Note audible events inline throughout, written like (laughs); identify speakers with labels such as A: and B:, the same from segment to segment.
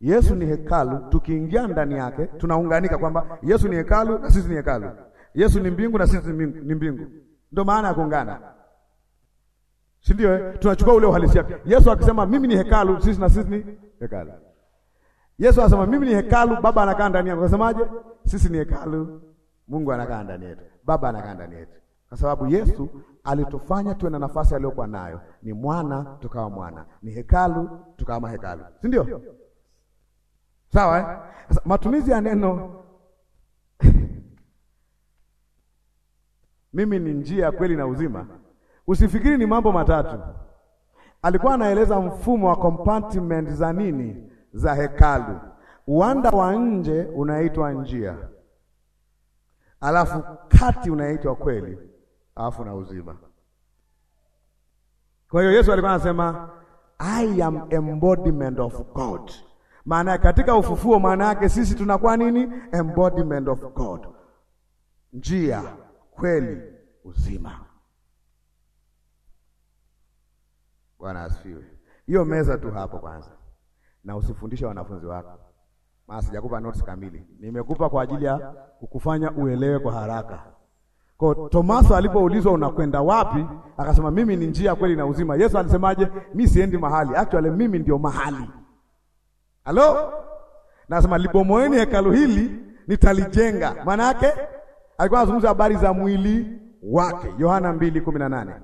A: Yesu ni hekalu, tukiingia ndani yake tunaunganika kwamba Yesu ni hekalu na sisi ni hekalu, Yesu ni mbingu na sisi ni mbingu. Ndio maana ya kuungana, si ndio? Eh? Tunachukua ule uhalisia. Yesu akisema mimi ni hekalu, sisi na sisi ni hekalu. Yesu anasema mimi ni hekalu, Baba anakaa ndani yangu. Unasemaje? Sisi ni hekalu, Mungu anakaa ndani yetu, Baba anakaa ndani yetu, kwa sababu Yesu alitufanya tuwe na nafasi aliyokuwa nayo. Ni mwana tukawa mwana, ni hekalu tukawa mahekalu, si ndio? Sawa eh? Sasa matumizi ya neno (laughs) mimi ni njia ya kweli na uzima, usifikiri ni mambo matatu. Alikuwa anaeleza mfumo wa compartment za nini, za hekalu. Uwanda wa nje unaitwa njia, alafu kati unaitwa kweli, alafu na uzima. Kwa hiyo Yesu alikuwa anasema I am embodiment of God maana katika ufufuo, maana yake sisi tunakuwa nini? Embodiment of God, njia, kweli, uzima. Bwana asifiwe. Hiyo meza tu hapo kwanza, na usifundishe wanafunzi wako, maana sijakupa notes kamili, nimekupa kwa ajili ya kukufanya uelewe kwa haraka. Kwa Tomaso alipoulizwa unakwenda wapi, akasema mimi ni njia, kweli na uzima. Yesu alisemaje? Mimi siendi mahali, actually mimi ndio mahali Halo? Nasema libomoeni hekalu hili nitalijenga. Maana yake alikuwa anazungumza habari za mwili wake, Yohana 2:18.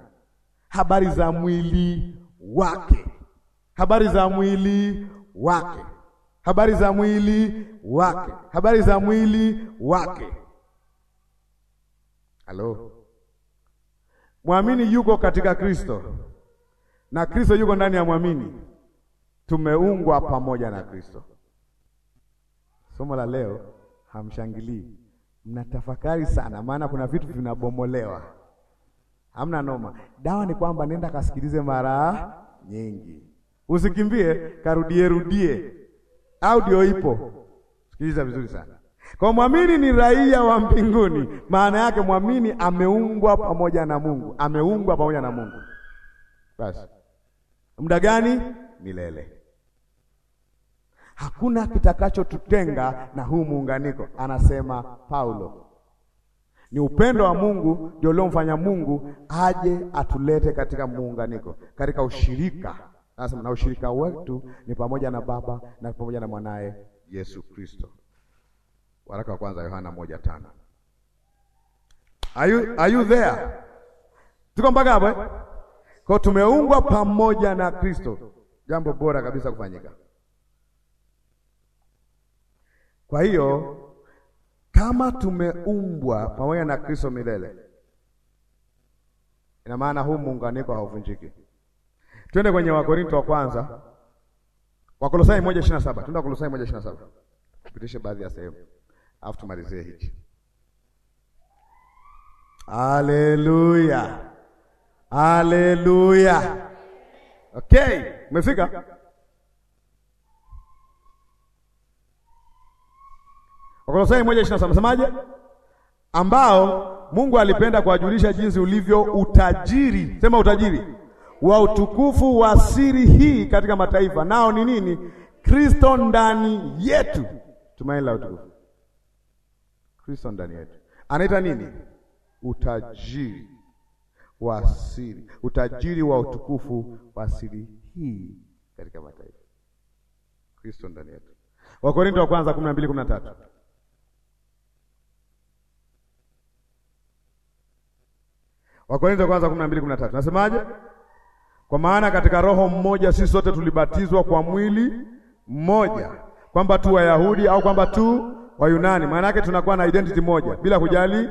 A: Habari za mwili wake, habari za mwili wake, habari za mwili wake, habari za mwili wake. Halo? Mwamini yuko katika Kristo na Kristo yuko ndani ya mwamini tumeungwa pamoja na Kristo. Somo la leo hamshangilii, mnatafakari sana, maana kuna vitu vinabomolewa. Hamna noma. Dawa ni kwamba nenda kasikilize mara nyingi, usikimbie, karudie rudie. Audio ipo, sikiliza vizuri sana. Kwa mwamini ni raia wa mbinguni, maana yake mwamini ameungwa pamoja na Mungu, ameungwa pamoja na Mungu. Basi muda gani? Milele. Hakuna kitakachotutenga na huu muunganiko, anasema Paulo. Ni upendo wa Mungu ndio uliomfanya Mungu aje atulete katika muunganiko, katika ushirika. Anasema na ushirika wetu ni pamoja na Baba na pamoja na mwanaye Yesu Kristo. Waraka wa kwanza Yohana moja tano. Are you, are you there? Tuko mpaka hapo eh? Kwa tumeungwa pamoja na Kristo, jambo bora kabisa kufanyika. Kwa hiyo kama tumeumbwa pamoja na Kristo milele, ina maana huu muunganiko hauvunjiki. Twende kwenye Wakorinto wa kwanza, Wakolosai 1:27. Twende Wakolosai 1:27, tupitishe baadhi ya sehemu alafu tumalizie hichi. Haleluya, haleluya. Okay, umefika Wakolosai 1:27 nasemaje? Ambao Mungu alipenda kuwajulisha jinsi ulivyo utajiri, sema utajiri wa utukufu wa siri hii katika mataifa, nao ni nini? Kristo ndani yetu, tumaini la utukufu. Kristo ndani yetu anaita nini? Utajiri wa siri, utajiri wa utukufu wa siri hii
B: katika mataifa,
A: Kristo ndani yetu. Wakorintho wa kwanza tatu Wakorintho kwanza 12:13. Nasemaje? Kwa maana katika roho mmoja sisi sote tulibatizwa kwa mwili mmoja, kwamba tu Wayahudi au kwamba tu Wayunani. Maana yake tunakuwa na identity moja bila kujali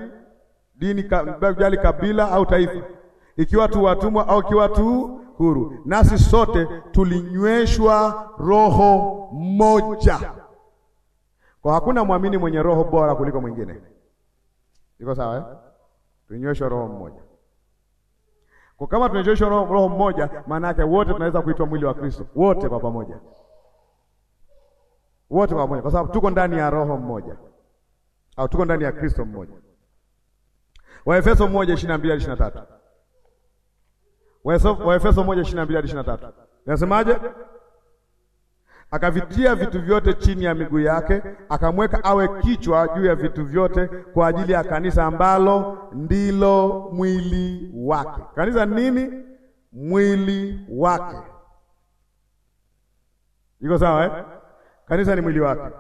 A: dini, bila kujali kabila au taifa, ikiwa tu watumwa au ikiwa tu huru, nasi sote tulinyweshwa roho mmoja, kwa hakuna mwamini mwenye roho bora kuliko mwingine. Iko sawa eh? Tulinyweshwa roho mmoja. Kwa kama tunajoishwa roho mmoja, maana yake wote tunaweza kuitwa mwili wa Kristo, wote kwa pamoja, wote kwa pamoja, kwa sababu tuko ndani ya roho mmoja, au tuko ndani ya Kristo mmoja. Waefeso 1:22 hadi 23. Waefeso 1:22 hadi 23. Nasemaje? akavitia vitu vyote chini ya miguu yake, akamweka awe kichwa juu ya vitu vyote kwa ajili ya kanisa ambalo ndilo mwili wake. Kanisa nini? Mwili wake. Iko sawa eh? Kanisa ni mwili wake.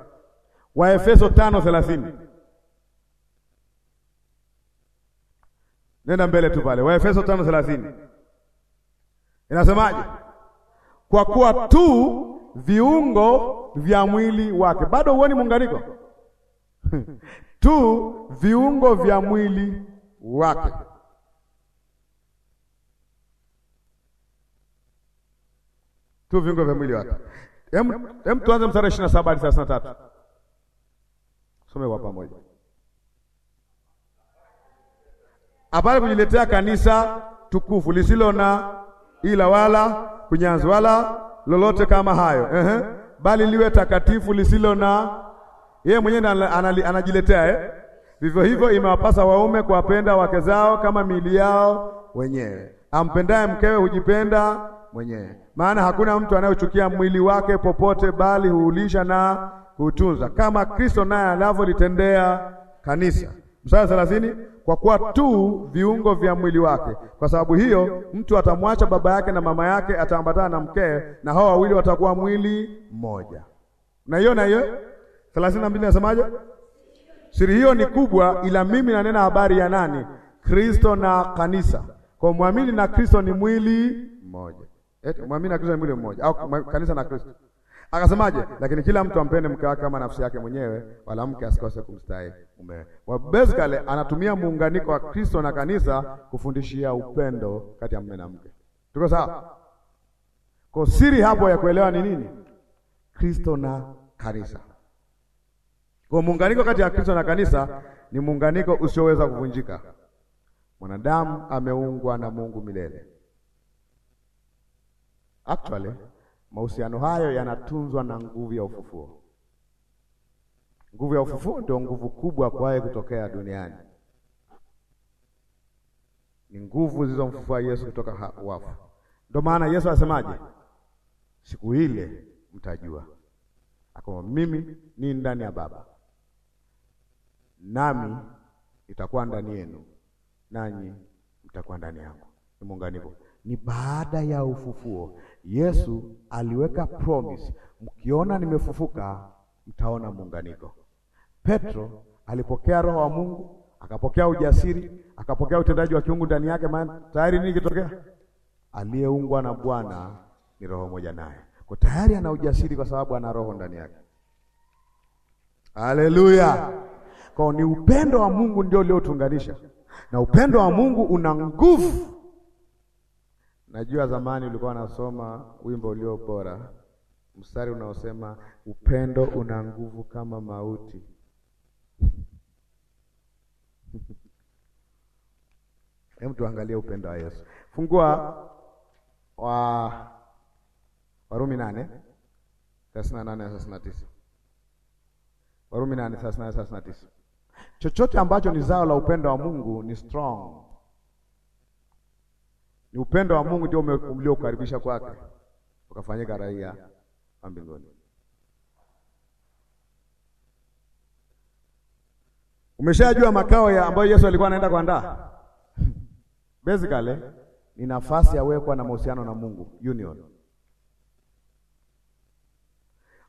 A: Waefeso 5:30. Nenda mbele tu pale. Waefeso 5:30. Inasemaje? Kwa kuwa tu viungo vya mwili wake. Bado huoni muunganiko? (laughs) tu viungo vya mwili wake. Tu viungo vya mwili wake. Hem, tuanze mstari 27 hadi 33. Some kwa pamoja. Apale kujiletea kanisa tukufu lisilo na ila wala kunyanzi wala lolote kama hayo -huh. bali liwe takatifu lisilo na yeye mwenyewe anajiletea eh? Vivyo hivyo imewapasa waume kuwapenda wake zao kama miili yao wenyewe. Ampendaye mkewe hujipenda mwenyewe, maana hakuna mtu anayechukia mwili wake popote, bali huulisha na hutunza kama Kristo naye anavyolitendea kanisa. Mstari thelathini kwa kuwa tu viungo vya mwili wake. Kwa sababu hiyo mtu atamwacha baba yake na mama yake, ataambatana na mkee, na hao wawili watakuwa mwili mmoja. na hiyo? thelathini na mbili nasemaje? Siri hiyo ni kubwa, ila mimi nanena habari ya nani? Kristo na kanisa. Kwa mwamini na Kristo ni mwili mmoja, eh, mwamini na Kristo ni mwili mmoja, au kanisa na Kristo Akasemaje? Lakini kila mtu ampende mke wake kama nafsi yake mwenyewe, wala mke asikose kumstahi mume. Well, basically anatumia muunganiko wa Kristo na kanisa kufundishia upendo kati ya mume na mke. Tuko sawa? Kwa siri hapo ya kuelewa ni nini? Kristo na kanisa. Kwa muunganiko kati ya Kristo na kanisa ni muunganiko usioweza kuvunjika. Mwanadamu ameungwa na Mungu milele. Actually, Mahusiano hayo yanatunzwa na nguvu ya ufufuo. Nguvu ya ufufuo ndio nguvu kubwa kwaye kutokea duniani, ni nguvu zilizomfufua Yesu kutoka wafu. Ndio maana Yesu asemaje? Siku ile mtajua akama mimi ni ndani ya Baba nami itakuwa ndani yenu, nanyi mtakuwa ndani yangu. Ni muunganiko, ni baada ya ufufuo. Yesu aliweka promise, mkiona nimefufuka mtaona muunganiko. Petro alipokea roho wa Mungu, akapokea ujasiri, akapokea utendaji wa kiungu ndani yake, maana tayari nini kitokea? Aliyeungwa na Bwana ni roho moja naye, kwa tayari ana ujasiri, kwa sababu ana roho ndani yake. Haleluya! Kwa ni upendo wa Mungu ndio uliotuunganisha, na upendo wa Mungu una nguvu Najua zamani ulikuwa unasoma wimbo ulio bora, mstari unaosema upendo una nguvu kama mauti. (laughs) Hebu tuangalie upendo wa Yesu. Fungua wa Warumi nane thelathini na nane thelathini na tisa Warumi nane thelathini na nane thelathini na tisa Chochote ambacho ni zao la upendo wa Mungu ni strong ni upendo wa Mungu ndio uliokaribisha kwake, ukafanyika raia wa mbinguni. Umeshajua makao ya ambayo Yesu alikuwa anaenda kuandaa. (laughs) Basically ni nafasi ya wewe kuwa na mahusiano na Mungu, union.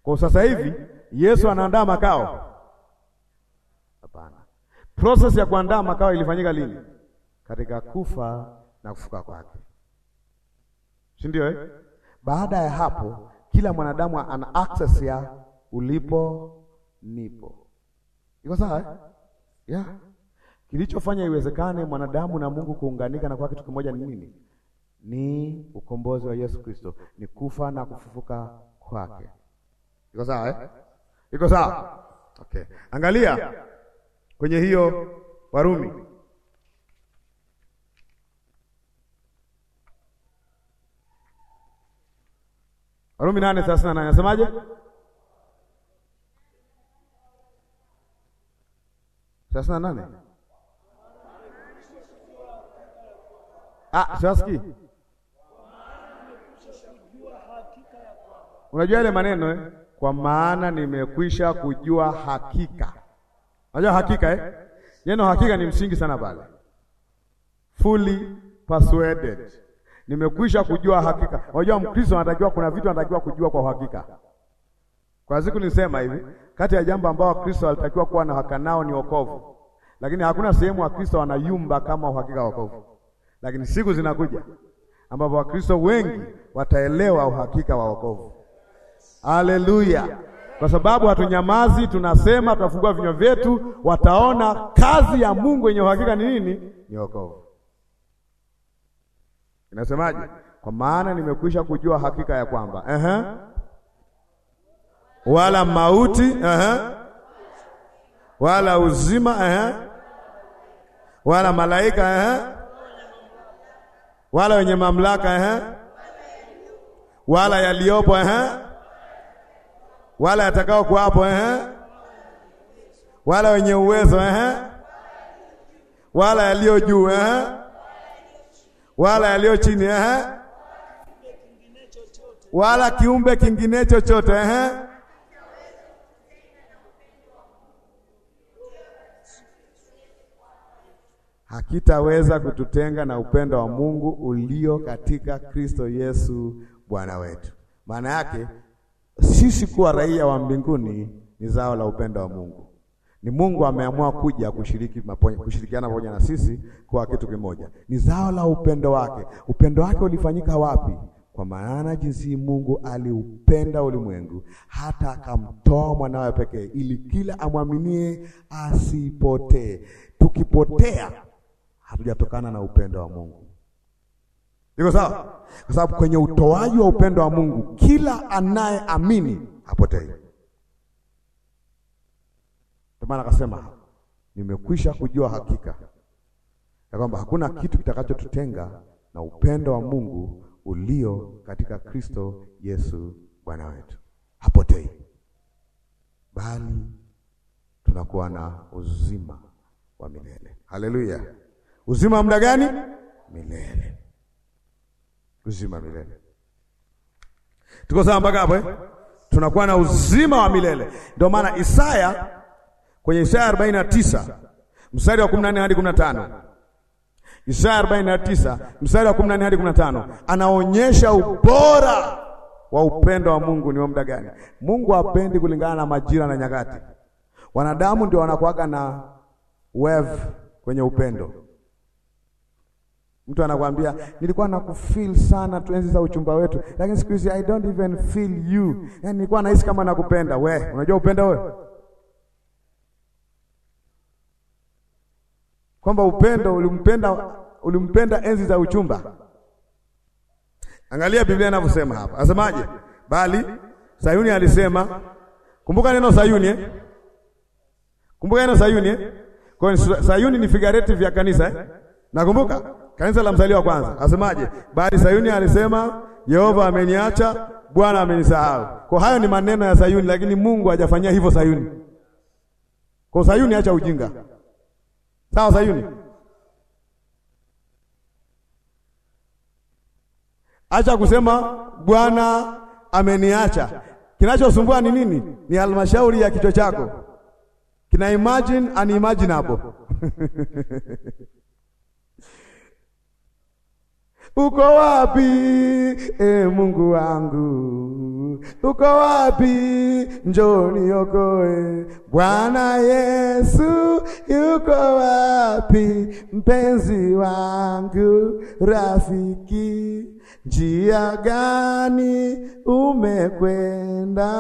A: Kwa sasa hivi Yesu anaandaa makao? Hapana. Process ya kuandaa makao ilifanyika lini? Katika kufa na kufuka kwake, si ndio eh? Baada ya hapo, kila mwanadamu ana access ya ulipo nipo. Iko sawa eh? yeah. Kilichofanya iwezekane mwanadamu na Mungu kuunganika na kuwa kitu kimoja ni nini? Ni ukombozi wa Yesu Kristo, ni kufa na kufufuka kwake. Iko sawa eh? Iko sawa okay. Angalia kwenye hiyo Warumi Warumi 8:38 anasemaje? Thelathini na nane. Ah, siwasikii. Unajua ile maneno eh? Kwa maana nimekwisha kujua hakika. Unajua hakika eh? Neno hakika ni msingi sana pale. Fully persuaded nimekwisha kujua hakika. Unajua Mkristo anatakiwa, kuna vitu anatakiwa kujua kwa uhakika. Kwa siku nisema hivi, kati ya jambo ambao Wakristo walitakiwa kuwa na uhakika nao ni wokovu, lakini hakuna sehemu Wakristo wanayumba kama uhakika wa wokovu. Lakini siku zinakuja ambapo Wakristo wengi wataelewa uhakika wa wokovu. Haleluya! Kwa sababu hatunyamazi, tunasema, tunafungua vinywa vyetu, wataona kazi ya Mungu yenye uhakika ni nini? Ni wokovu. Inasemaje? Kwa maana nimekwisha kujua hakika ya kwamba ehe, wala mauti uh -huh. wala uzima uh -huh. wala malaika uh -huh. wala wenye mamlaka uh -huh. wala yaliyopo uh -huh. wala yatakao kuwapo uh -huh. wala wenye uwezo uh -huh. wala yaliyo juu uh -huh wala yaliyo chini eh, wala kiumbe kingine chochote eh, hakitaweza kututenga na upendo wa Mungu ulio katika Kristo Yesu Bwana wetu. Maana yake sisi kuwa raia wa mbinguni ni zao la upendo wa Mungu. Ni Mungu ameamua kuja kushiriki maponya, kushirikiana pamoja na sisi kwa kitu kimoja. Ni zao la upendo wake. Upendo wake ulifanyika wapi? Kwa maana jinsi Mungu aliupenda ulimwengu hata akamtoa mwanawe pekee, ili kila amwaminie asipotee. Tukipotea hatujatokana na upendo wa Mungu. Iko sawa? Kwa sababu kwenye utoaji wa upendo wa Mungu kila anayeamini hapotei. Ndio maana akasema nimekwisha kujua hakika ya kwamba hakuna kitu kitakachotutenga na upendo wa Mungu ulio katika Kristo Yesu Bwana wetu. Hapotei, bali tunakuwa na uzima wa milele. Haleluya! Uzima wa muda gani? Milele, uzima milele. Tuko sawa mpaka hapo eh? Tunakuwa na uzima wa milele. Ndio maana Isaya kwenye Isaya 49 mstari wa 14 hadi 15. Isaya 49 mstari wa 14 hadi 15 anaonyesha ubora wa upendo wa Mungu ni wa muda gani? Mungu hapendi kulingana na majira na nyakati. Wanadamu ndio wanakuaga na wave kwenye upendo. Mtu anakwambia nilikuwa na kufeel sana tuenzi za uchumba wetu, lakini siku hizi I don't even feel you. Yani nilikuwa nahisi kama nakupenda. We, unajua upenda wewe? kwamba upendo ulimpenda, ulimpenda enzi za uchumba. Angalia Biblia inavyosema hapa, asemaje? Bali Sayuni alisema, kumbuka neno Sayuni eh? Kumbuka neno Sayuni eh? Kwa Sayuni ni figurative vya kanisa eh? Nakumbuka kanisa la mzaliwa kwanza, asemaje? Bali Sayuni alisema, Yehova ameniacha, Bwana amenisahau. Kwa hayo ni maneno ya Sayuni, lakini Mungu hajafanyia hivyo Sayuni. Kwa Sayuni acha ujinga. Sawa Sayuni, acha kusema Bwana ameniacha. Kinachosumbua ni nini? Ni halmashauri ya kichwa chako, kina imagine unimaginable (laughs) uko wapi e Mungu wangu, uko wapi? njoni niokoe. Bwana Yesu yuko wapi? Mpenzi wangu, rafiki Njia gani umekwenda,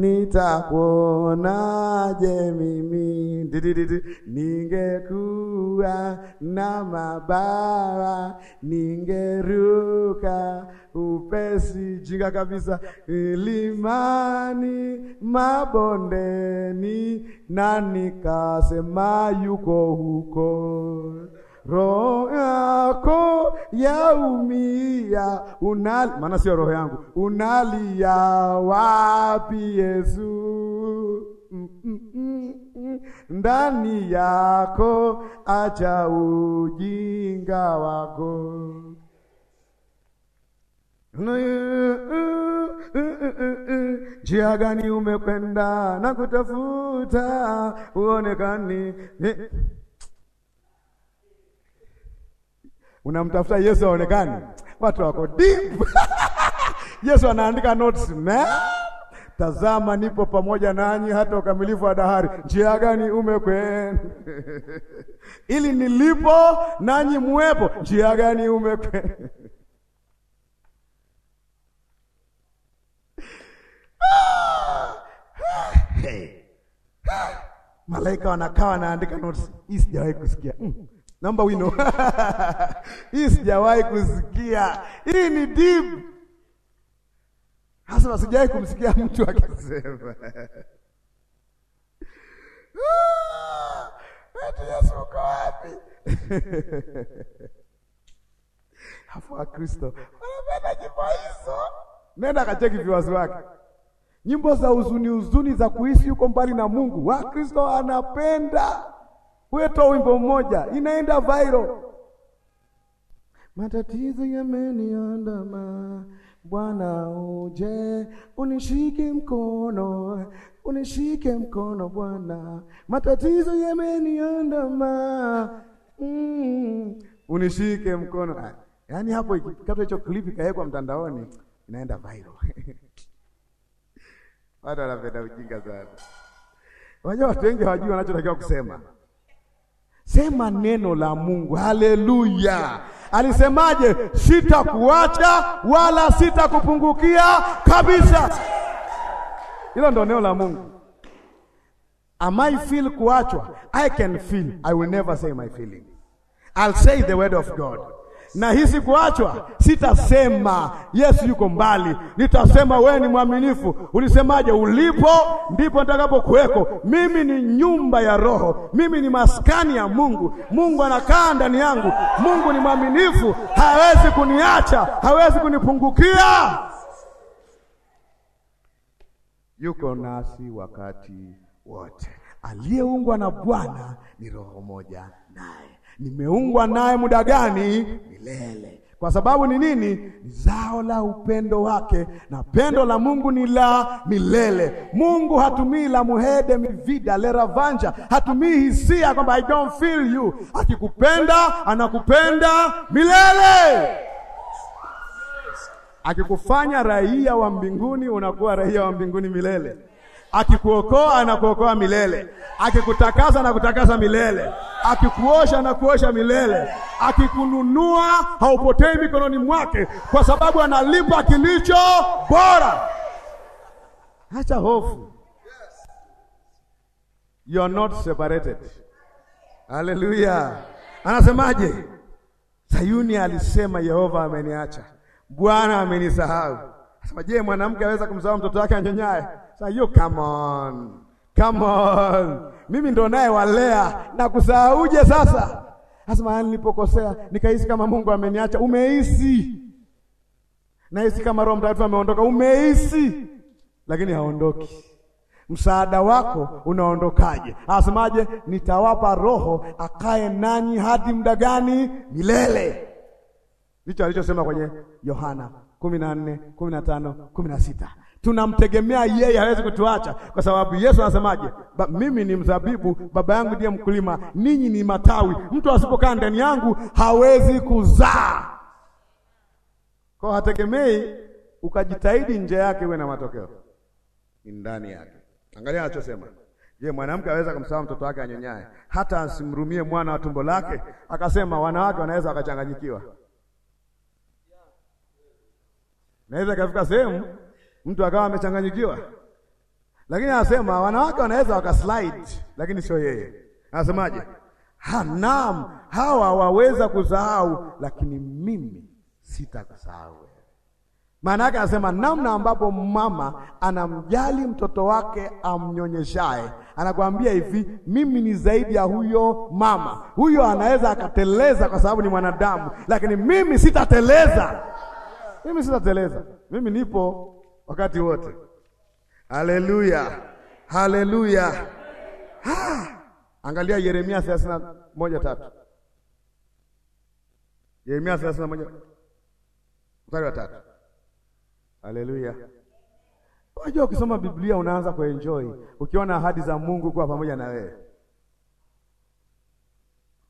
A: nitakuonaje mimi? Didididi, ningekuwa na mabawa, ningeruka upesi, jinga kabisa, ilimani, mabondeni, na nikasema yuko huko roho yako yaumia, unali maana sio roho yangu, unalia wapi Yesu? Mm, mm, mm, ndani yako acha ujinga wako njia gani umekwenda na kutafuta uonekani Unamtafuta Yesu aonekane, watu wako deep. (laughs) Yesu anaandika notes man. Tazama, nipo pamoja nanyi hata ukamilifu wa dahari. Njia gani umekwenda?
B: (laughs)
A: ili nilipo nanyi muwepo. Njia gani umekwenda? (laughs) Malaika wanakaa wanaandika notes. Hii sijawahi kusikia mm. Namba wino (laughs) hii sijawahi kusikia. Hii ni
B: deep. Hasa sijawahi kumsikia mtu akisema (laughs)
A: eti Yesu uko wapi? Hapo (laughs) wa Kristo wanapenda
B: nyimbo hizo.
A: Nenda kacheki viwazi wake, nyimbo za huzuni, huzuni za kuishi uko mbali na Mungu. Wakristo anapenda wewe toa wimbo mmoja, inaenda viral. Matatizo yameniandama, Bwana uje unishike mkono, unishike mkono Bwana, matatizo yameniandama,
B: mm,
A: unishike mkono. Ah, yaani hapo ikikatwa hicho clip ikawekwa mtandaoni inaenda viral. (laughs) Watu wanapenda ujinga sana. Wajua watu wengi hawajui wanachotakiwa kusema. Sema neno la Mungu. Haleluya! Alisemaje? Sitakuacha wala sitakupungukia kabisa. Hilo ndio neno la Mungu. Am I feel kuachwa? I can feel. I will never say my feeling. I'll say the word of God na nahisi kuachwa, sitasema Yesu yuko mbali, nitasema wewe ni mwaminifu. Ulisemaje? Ulipo ndipo nitakapokuweko. Mimi ni nyumba ya Roho, mimi ni maskani ya Mungu. Mungu anakaa ndani yangu. Mungu ni mwaminifu, hawezi kuniacha, hawezi kunipungukia. Yuko nasi wakati wote. Aliyeungwa na Bwana ni roho moja naye nimeungwa naye muda gani?
B: Milele.
A: Kwa sababu ni nini? Ni zao la upendo wake, na pendo la Mungu ni la milele. Mungu hatumii la muhede mivida leravanja, hatumii hisia kwamba I don't feel you. Akikupenda anakupenda milele. Akikufanya raia wa mbinguni, unakuwa raia wa mbinguni milele akikuokoa na kuokoa milele, akikutakasa na kutakasa milele, akikuosha na kuosha milele, akikununua haupotei mikononi mwake, kwa sababu analipa kilicho bora. Acha hofu, you are not separated. Haleluya! Anasemaje? Sayuni alisema, Yehova ameniacha, Bwana amenisahau. Asema, je, mwanamke aweza kumsahau mtoto wake anyonyaye? Sasa hiyo come on. Come on. Mimi ndo naye walea na kusahauje sasa? Asema nilipokosea nikahisi kama Mungu ameniacha. Umehisi. Nahisi kama Roho Mtakatifu ameondoka. Umehisi. Lakini haondoki. Msaada wako unaondokaje? Asemaje? Nitawapa Roho akae nanyi hadi muda gani? Milele. Ndicho alichosema kwenye Yohana 14, 15, 16 tunamtegemea yeye, hawezi kutuacha kwa sababu Yesu anasemaje? Ba, mimi ni mzabibu, baba yangu ndiye mkulima, ninyi ni matawi. Mtu asipokaa ndani yangu hawezi kuzaa. Kwa hategemei ukajitahidi nje yake uwe na matokeo, ni ndani yake. Angalia anachosema. Je, mwanamke aweza kumsahau mtoto wake anyonyaye hata asimrumie mwana wa tumbo lake? Akasema wanawake wanaweza wakachanganyikiwa, naweza ikafika sehemu mtu akawa amechanganyikiwa. Lakini anasema wanawake wanaweza wakaslide, lakini sio yeye. Anasemaje? Naam, hawa waweza kusahau, lakini mimi sitakusahau wewe. Maana yake anasema namna ambapo mama anamjali mtoto wake amnyonyeshaye, anakuambia hivi, mimi ni zaidi ya huyo mama. Huyo anaweza akateleza kwa sababu ni mwanadamu, lakini mimi sitateleza, mimi sitateleza, mimi nipo wakati wote. Haleluya, haleluya! Angalia Yeremia 31:3, Yeremia 31 mstari wa tatu. Haleluya! Unajua, ukisoma Biblia unaanza kuenjoy ukiona ahadi za Mungu kuwa pamoja na wewe.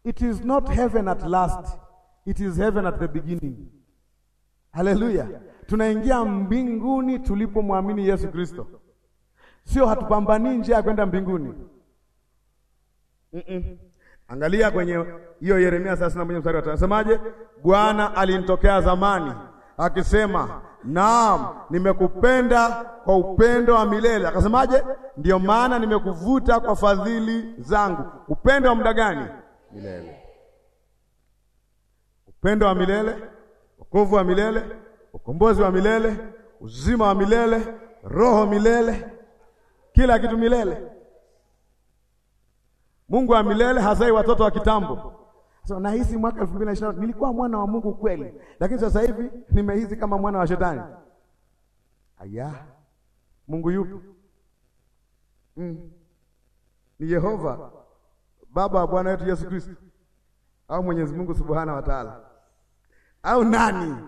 A: It is not heaven at last, it is heaven at the beginning. Haleluya! Tunaingia mbinguni tulipomwamini Yesu Kristo, sio hatupambanii njia ya kwenda mbinguni. mm -mm. Angalia kwenye hiyo Yeremia 31 mstari wa 5, nasemaje? Bwana alinitokea zamani akisema, naam, nimekupenda kwa upendo wa milele. Akasemaje? ndio maana nimekuvuta kwa fadhili zangu. Upendo wa muda gani? Milele. Upendo wa milele, wokovu wa milele ukombozi wa milele, uzima wa milele, roho milele, kila kitu milele. Mungu wa milele hazai watoto wa kitambo. so, nahisi mwaka 2020 nilikuwa mwana wa Mungu kweli, lakini sasa hivi nimehisi kama mwana wa shetani. Aya, Mungu yupi? Mm. Ni Yehova Baba wa Bwana wetu Yesu Kristo au Mwenyezi Mungu Subhana wa Ta'ala au nani?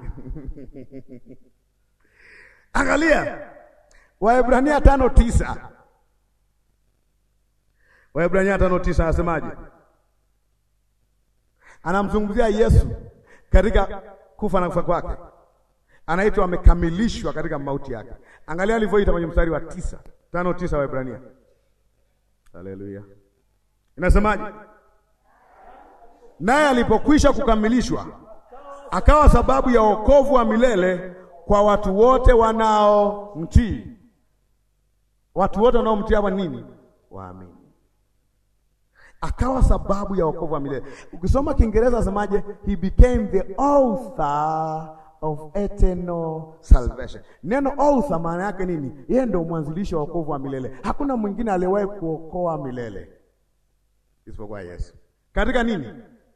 A: Angalia Waebrania tano tisa Waebrania tano tisa anasemaje? Anamzungumzia Yesu katika kufa na kufa kwake, anaitwa amekamilishwa katika mauti yake. Angalia alivyoita kwenye mstari wa tisa tano tisa Waebrania. Haleluya, inasemaje? Naye alipokwisha kukamilishwa akawa sababu ya wokovu wa milele kwa watu wote wanaomtii. Watu wote wanaomtii hapa nini? Waamini. Akawa sababu ya wokovu wa milele. Ukisoma Kiingereza asemaje? He became the author of eternal salvation. Neno author maana yake nini? Yeye ndio mwanzilishi wa wokovu wa milele. Hakuna mwingine aliyewahi kuokoa milele isipokuwa Yesu. Katika nini?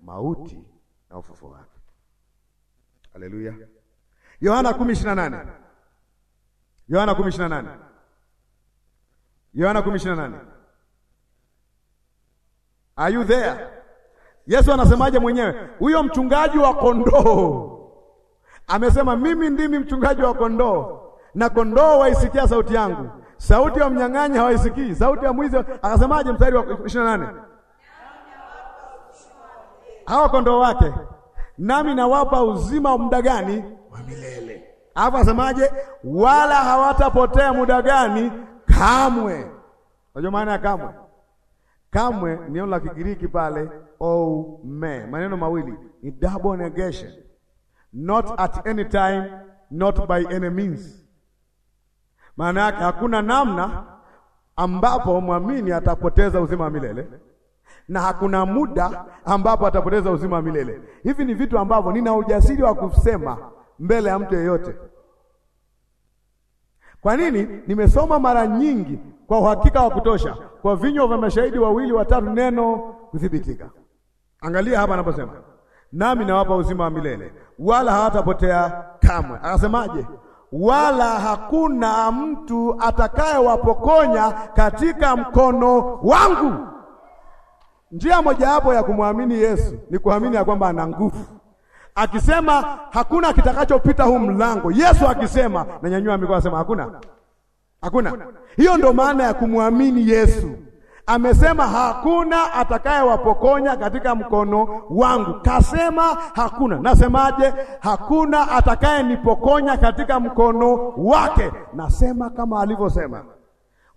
A: Mauti na ufufuo. Haleluya. Yohana 10:28. Yohana 10:28. Yohana 10:28. Are you there? Yesu anasemaje mwenyewe? Huyo mchungaji wa kondoo amesema, mimi ndimi mchungaji wa kondoo na kondoo waisikia sauti yangu, sauti ya mnyang'anyi hawaisikii, sauti ya mwizi. Akasemaje mstari wa 28? Hawa kondoo wake nami nawapa uzima wa muda gani? Wa milele. Hapo asemaje? Wala hawatapotea muda gani? Kamwe. Unajua maana ya kamwe? Kamwe ni neno la Kigiriki pale oh, me, maneno mawili ni double negation, not at any time, not by any means. Maana yake hakuna namna ambapo mwamini atapoteza uzima wa milele na hakuna muda ambapo atapoteza uzima wa milele. Hivi ni vitu ambavyo nina ujasiri wa kusema mbele ya mtu yeyote. Kwa nini? Nimesoma mara nyingi kwa uhakika wa kutosha, kwa vinywa vya mashahidi wawili watatu, neno kuthibitika. Angalia hapa anaposema, nami nawapa uzima wa milele, wala hawatapotea kamwe. Akasemaje? wala hakuna mtu atakayewapokonya katika mkono wangu. Njia mojawapo ya kumwamini Yesu ni kuamini ya kwamba ana nguvu. Akisema hakuna kitakachopita huu mlango, Yesu akisema, nanyanyua mikono, asema hakuna, hakuna. Hiyo ndo maana ya kumwamini Yesu. Amesema hakuna atakayewapokonya katika mkono wangu, kasema hakuna. Nasemaje? Hakuna atakayenipokonya katika mkono wake, nasema kama alivyosema.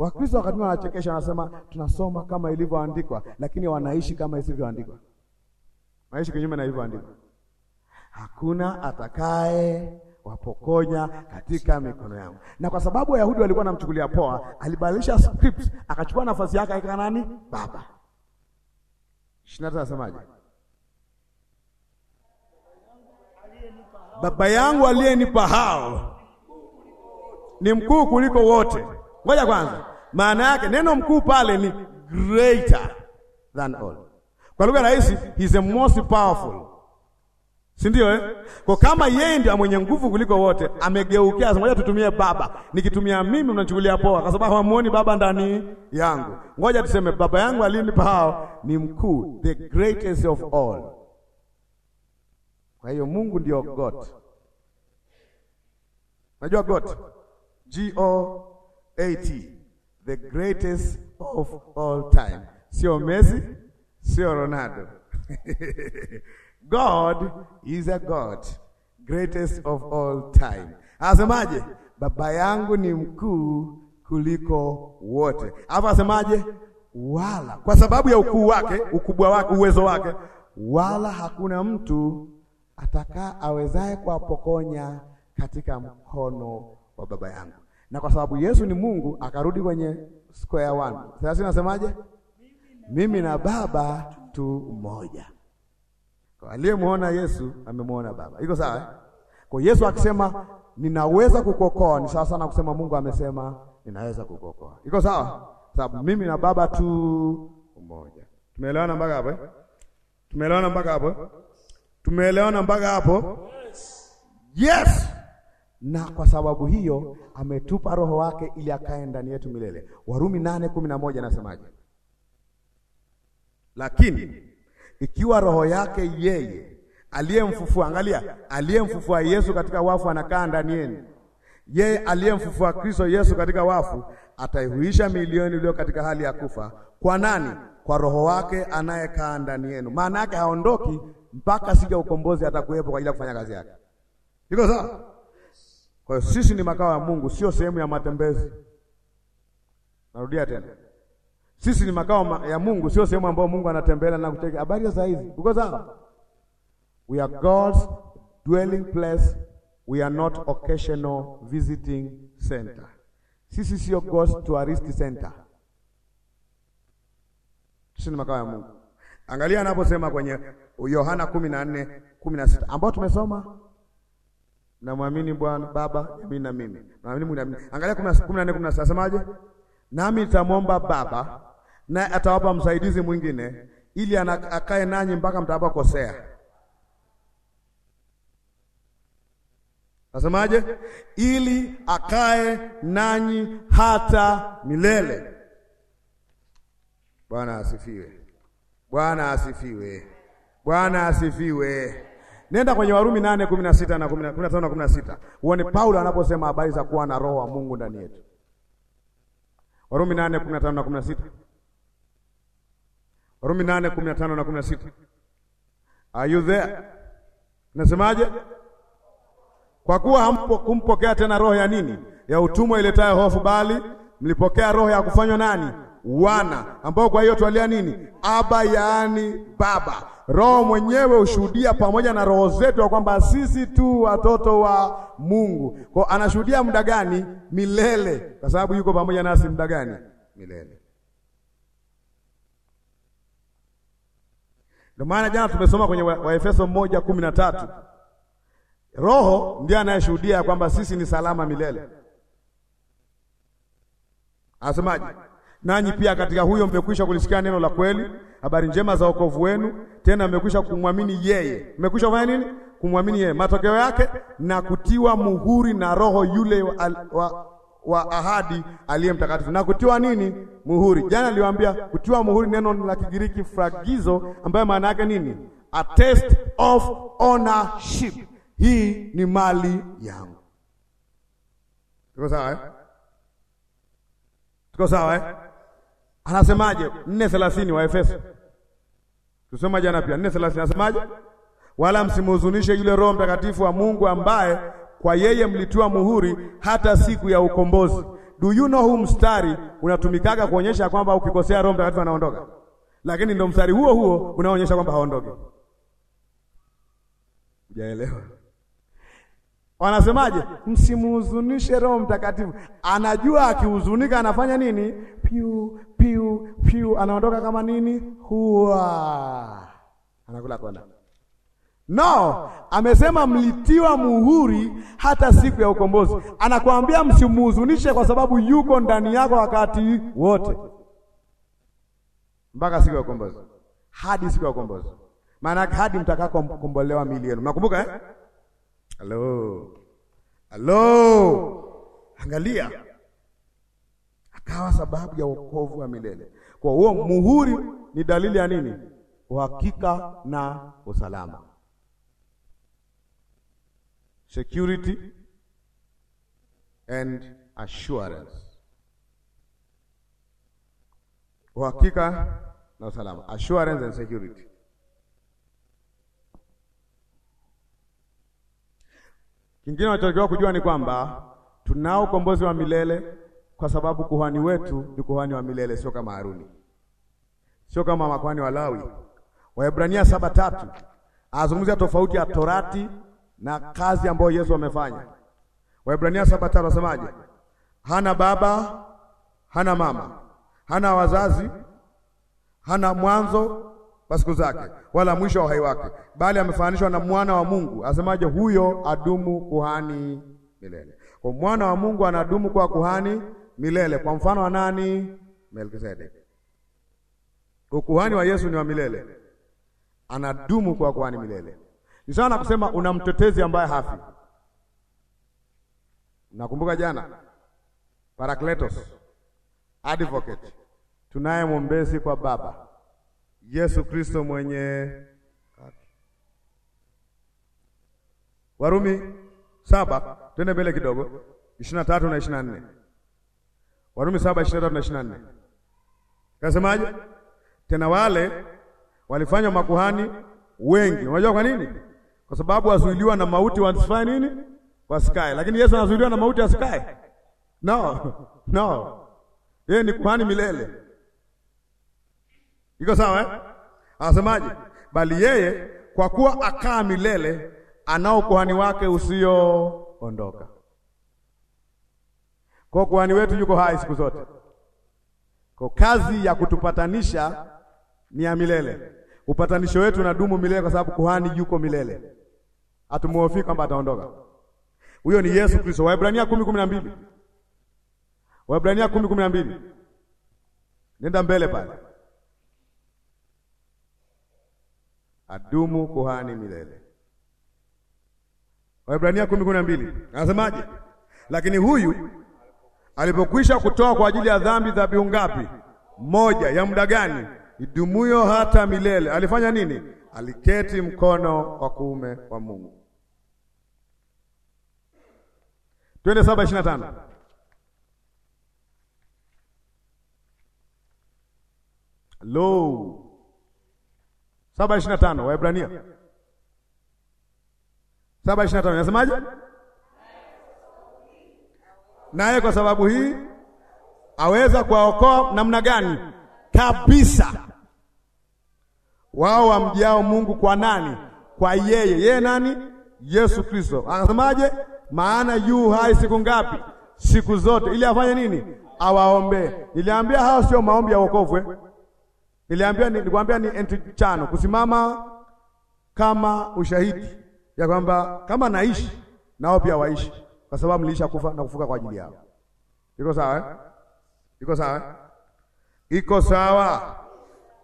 A: Wakristo wakati wanachekesha, wanasema tunasoma kama ilivyoandikwa, lakini wanaishi kama isivyoandikwa, wanaishi kinyume na ilivyoandikwa. Hakuna atakaye wapokonya katika mikono yangu. Na kwa sababu Wayahudi walikuwa wanamchukulia poa, alibadilisha script akachukua nafasi yake aika nani? Baba. Shinata nasemaje? Baba yangu aliyenipa hao ni mkuu kuliko wote. Ngoja kwanza, maana yake neno mkuu pale ni greater than all. Kwa lugha rahisi, he is the most powerful, si ndio eh? Kwa kama yeye ndio mwenye nguvu kuliko wote, amegeukia sasa, ngoja tutumie baba. Nikitumia mimi mnachukulia poa, kwa sababu hamuoni baba ndani yangu. Ngoja tuseme baba yangu alinipa hao, ni mkuu, the greatest of all. Kwa hiyo Mungu ndio God. Najua God. G O A T the greatest of all time. Sio Messi, sio Ronaldo. (laughs) God is a God, greatest of all time. Asemaje? Baba yangu ni mkuu kuliko wote. Hapo asemaje? Wala kwa sababu ya ukuu wake, ukubwa wake, uwezo wake, wala hakuna mtu atakaa awezaye kuwapokonya katika mkono wa baba yangu na kwa sababu Yesu ni Mungu akarudi kwenye square one. Sasa nasemaje? Mimi na Baba tu mmoja. Kwa aliyemwona Yesu amemwona Baba. Iko sawa? Eh? Kwa Yesu akisema ninaweza kukokoa ni sawa sana kusema Mungu amesema ninaweza kukokoa Iko sawa? Sababu mimi na Baba tu mmoja. Tumeelewana mpaka hapo? Eh? Tumeelewana mpaka hapo? Eh? Tumeelewana mpaka hapo? Yes na kwa sababu hiyo ametupa roho wake ili akae ndani yetu milele. Warumi 8:11 anasemaje? Lakini ikiwa roho yake yeye aliyemfufua, angalia, aliyemfufua Yesu katika wafu anakaa ndani yenu, yeye aliyemfufua Kristo Yesu katika wafu ataihuisha milioni iliyo katika hali ya kufa kwa nani? Kwa roho wake anayekaa ndani yenu. Maana yake haondoki mpaka sija ukombozi atakuwepo kwa ajili ya kufanya kazi yake. Iko sawa? Kwa hiyo sisi ni makao ya Mungu, sio sehemu ya matembezi. Narudia tena, sisi ni makao ya Mungu, sio sehemu ambayo Mungu anatembelea na kuteka habari za hizi. Uko sawa? We are God's dwelling place, we are not occasional visiting center. Sisi sio God's tourist center. Sisi ni makao ya Mungu. Angalia anaposema kwenye Yohana 14:16 ambao tumesoma Namwamini Bwana Baba, mimi na mimi. namwamini Mungu na mimi. Angalia 14 16 nasemaje? Nami nitamwomba Baba, naye atawapa msaidizi mwingine ili akae nanyi mpaka mtakapokosea. Nasemaje? Ili akae nanyi hata milele. Bwana asifiwe. Bwana asifiwe. Bwana asifiwe. Nenda kwenye Warumi 8:16 na sita na kumi uone Paulo anaposema habari za kuwa na roho wa Mungu ndani yetu. Warumi 8:15 na 16. Warumi 8:15 na 16. Are you there? Nasemaje? Kwa kuwa hampo kumpokea tena roho ya nini? Ya utumwa iletayo hofu, bali mlipokea roho ya kufanywa nani? wana, ambao kwa hiyo twalia nini? Aba, yaani Baba. Roho mwenyewe hushuhudia pamoja na roho zetu ya kwamba sisi tu watoto wa Mungu. Kwa anashuhudia muda gani? Milele, kwa sababu yuko pamoja nasi muda gani? Milele. Ndio maana jana tumesoma kwenye Waefeso wa moja kumi na tatu Roho ndiye anayeshuhudia kwamba sisi ni salama milele. Anasemaje? nanyi pia katika huyo mmekwisha kulisikia neno la kweli, habari njema za wokovu wenu, tena mmekwisha kumwamini yeye. Mmekwisha kufanya nini? Kumwamini yeye. Matokeo yake na kutiwa muhuri na Roho yule wa, wa, wa ahadi aliye mtakatifu. Na kutiwa nini? Muhuri. Jana aliwaambia kutiwa muhuri, neno la Kigiriki fragizo, ambayo maana yake nini? A test of ownership. Hii ni mali yangu. Tuko sawa eh? Tuko sawa eh? Anasemaje? 4:30 wa Efeso. Tusoma jana pia 4:30 anasemaje? Wala msimhuzunishe yule Roho Mtakatifu wa Mungu ambaye kwa yeye mlitiwa muhuri hata siku ya ukombozi. Do you know huu mstari unatumikaga kuonyesha kwamba ukikosea Roho Mtakatifu anaondoka. Lakini ndio mstari huo huo unaonyesha kwamba haondoki. Hujaelewa? Wanasemaje? msimhuzunishe Roho Mtakatifu. Anajua akihuzunika anafanya nini? Piu piu piu, anaondoka kama nini? Huwa anakula kona. No, amesema mlitiwa muhuri hata siku ya ukombozi. Anakuambia msimhuzunishe kwa sababu yuko ndani yako wakati wote, mpaka siku ya ukombozi, hadi siku ya ukombozi, maana hadi mtakakombolewa milioni. Mnakumbuka eh? Halo. Halo. Angalia. Akawa sababu ya wokovu wa milele. Kwa huo muhuri ni dalili ya nini? Uhakika na usalama. Security and assurance. Uhakika na usalama. Assurance and security. Kingine wanachotakiwa kujua ni kwamba tunao ukombozi wa milele kwa sababu kuhani wetu ni kuhani wa milele, sio kama Haruni, sio kama makuhani wa Lawi. Waebrania saba tatu azungumzia tofauti ya torati na kazi ambayo Yesu amefanya. Waebrania saba tatu asemaje? Hana baba, hana mama, hana wazazi, hana mwanzo kwa siku zake wala mwisho wa uhai wake, bali amefananishwa na mwana wa Mungu. Asemaje? Huyo adumu kuhani milele. Kwa mwana wa Mungu anadumu kwa kuhani milele, kwa mfano wa nani? Melkizedeki. Ukuhani wa Yesu ni wa milele, anadumu kwa kuhani milele. Ni sawa na kusema una mtetezi ambaye hafi. Nakumbuka jana Parakletos, advocate tunaye mwombezi kwa Baba Yesu Kristo mwenye haki. Warumi saba, twende mbele kidogo, ishirini na tatu na ishirini na nne. Warumi saba ishirini na tatu na ishirini na nne kasemaje? Tena wale walifanywa makuhani wengi. Unajua kwa nini? Kwa sababu wazuiliwa na mauti, wasifanye nini? Wasikae. Lakini Yesu anazuiliwa na mauti asikae? No, no, yeye ni kuhani milele. Iko sawa eh? Anasemaje? Bali yeye kwa kuwa akaa milele, anao kuhani wake usioondoka. Kwa kuhani wetu yuko hai siku zote, kwa kazi ya kutupatanisha ni ya milele. Upatanisho wetu unadumu milele, kwa sababu kuhani yuko milele, hatumuhofii kwamba ataondoka. Huyo ni Yesu Kristo, Waebrania 10:12. Waebrania 10:12. Nenda mbele pale. adumu kuhani milele. Waebrania kumi kumi na mbili anasemaje? Lakini huyu alipokwisha kutoa kwa ajili ya dhambi dhabihu ngapi? Moja ya muda gani? idumuyo hata milele. Alifanya nini? Aliketi mkono wa kuume wa Mungu. Twende saba ishirini na tano. Lo, saba ishirini na tano Waebrania saba ishirini na tano inasemaje? Naye kwa sababu hii aweza kuwaokoa namna gani kabisa wao wamjao Mungu kwa nani? Kwa yeye. Yeye nani? Yesu Kristo. anasemaje Maana yu hai siku ngapi? Siku zote, ili afanye nini? Awaombee. Niliambia hao sio maombi ya wokovu. Eh? Niliambia, nilikwambia ni entry chano, kusimama kama ushahidi ya kwamba kama naishi nao pia waishi, kwa sababu nilisha kufa na kufuka kwa ajili yao. Iko sawa eh? Iko sawa eh? Iko sawa.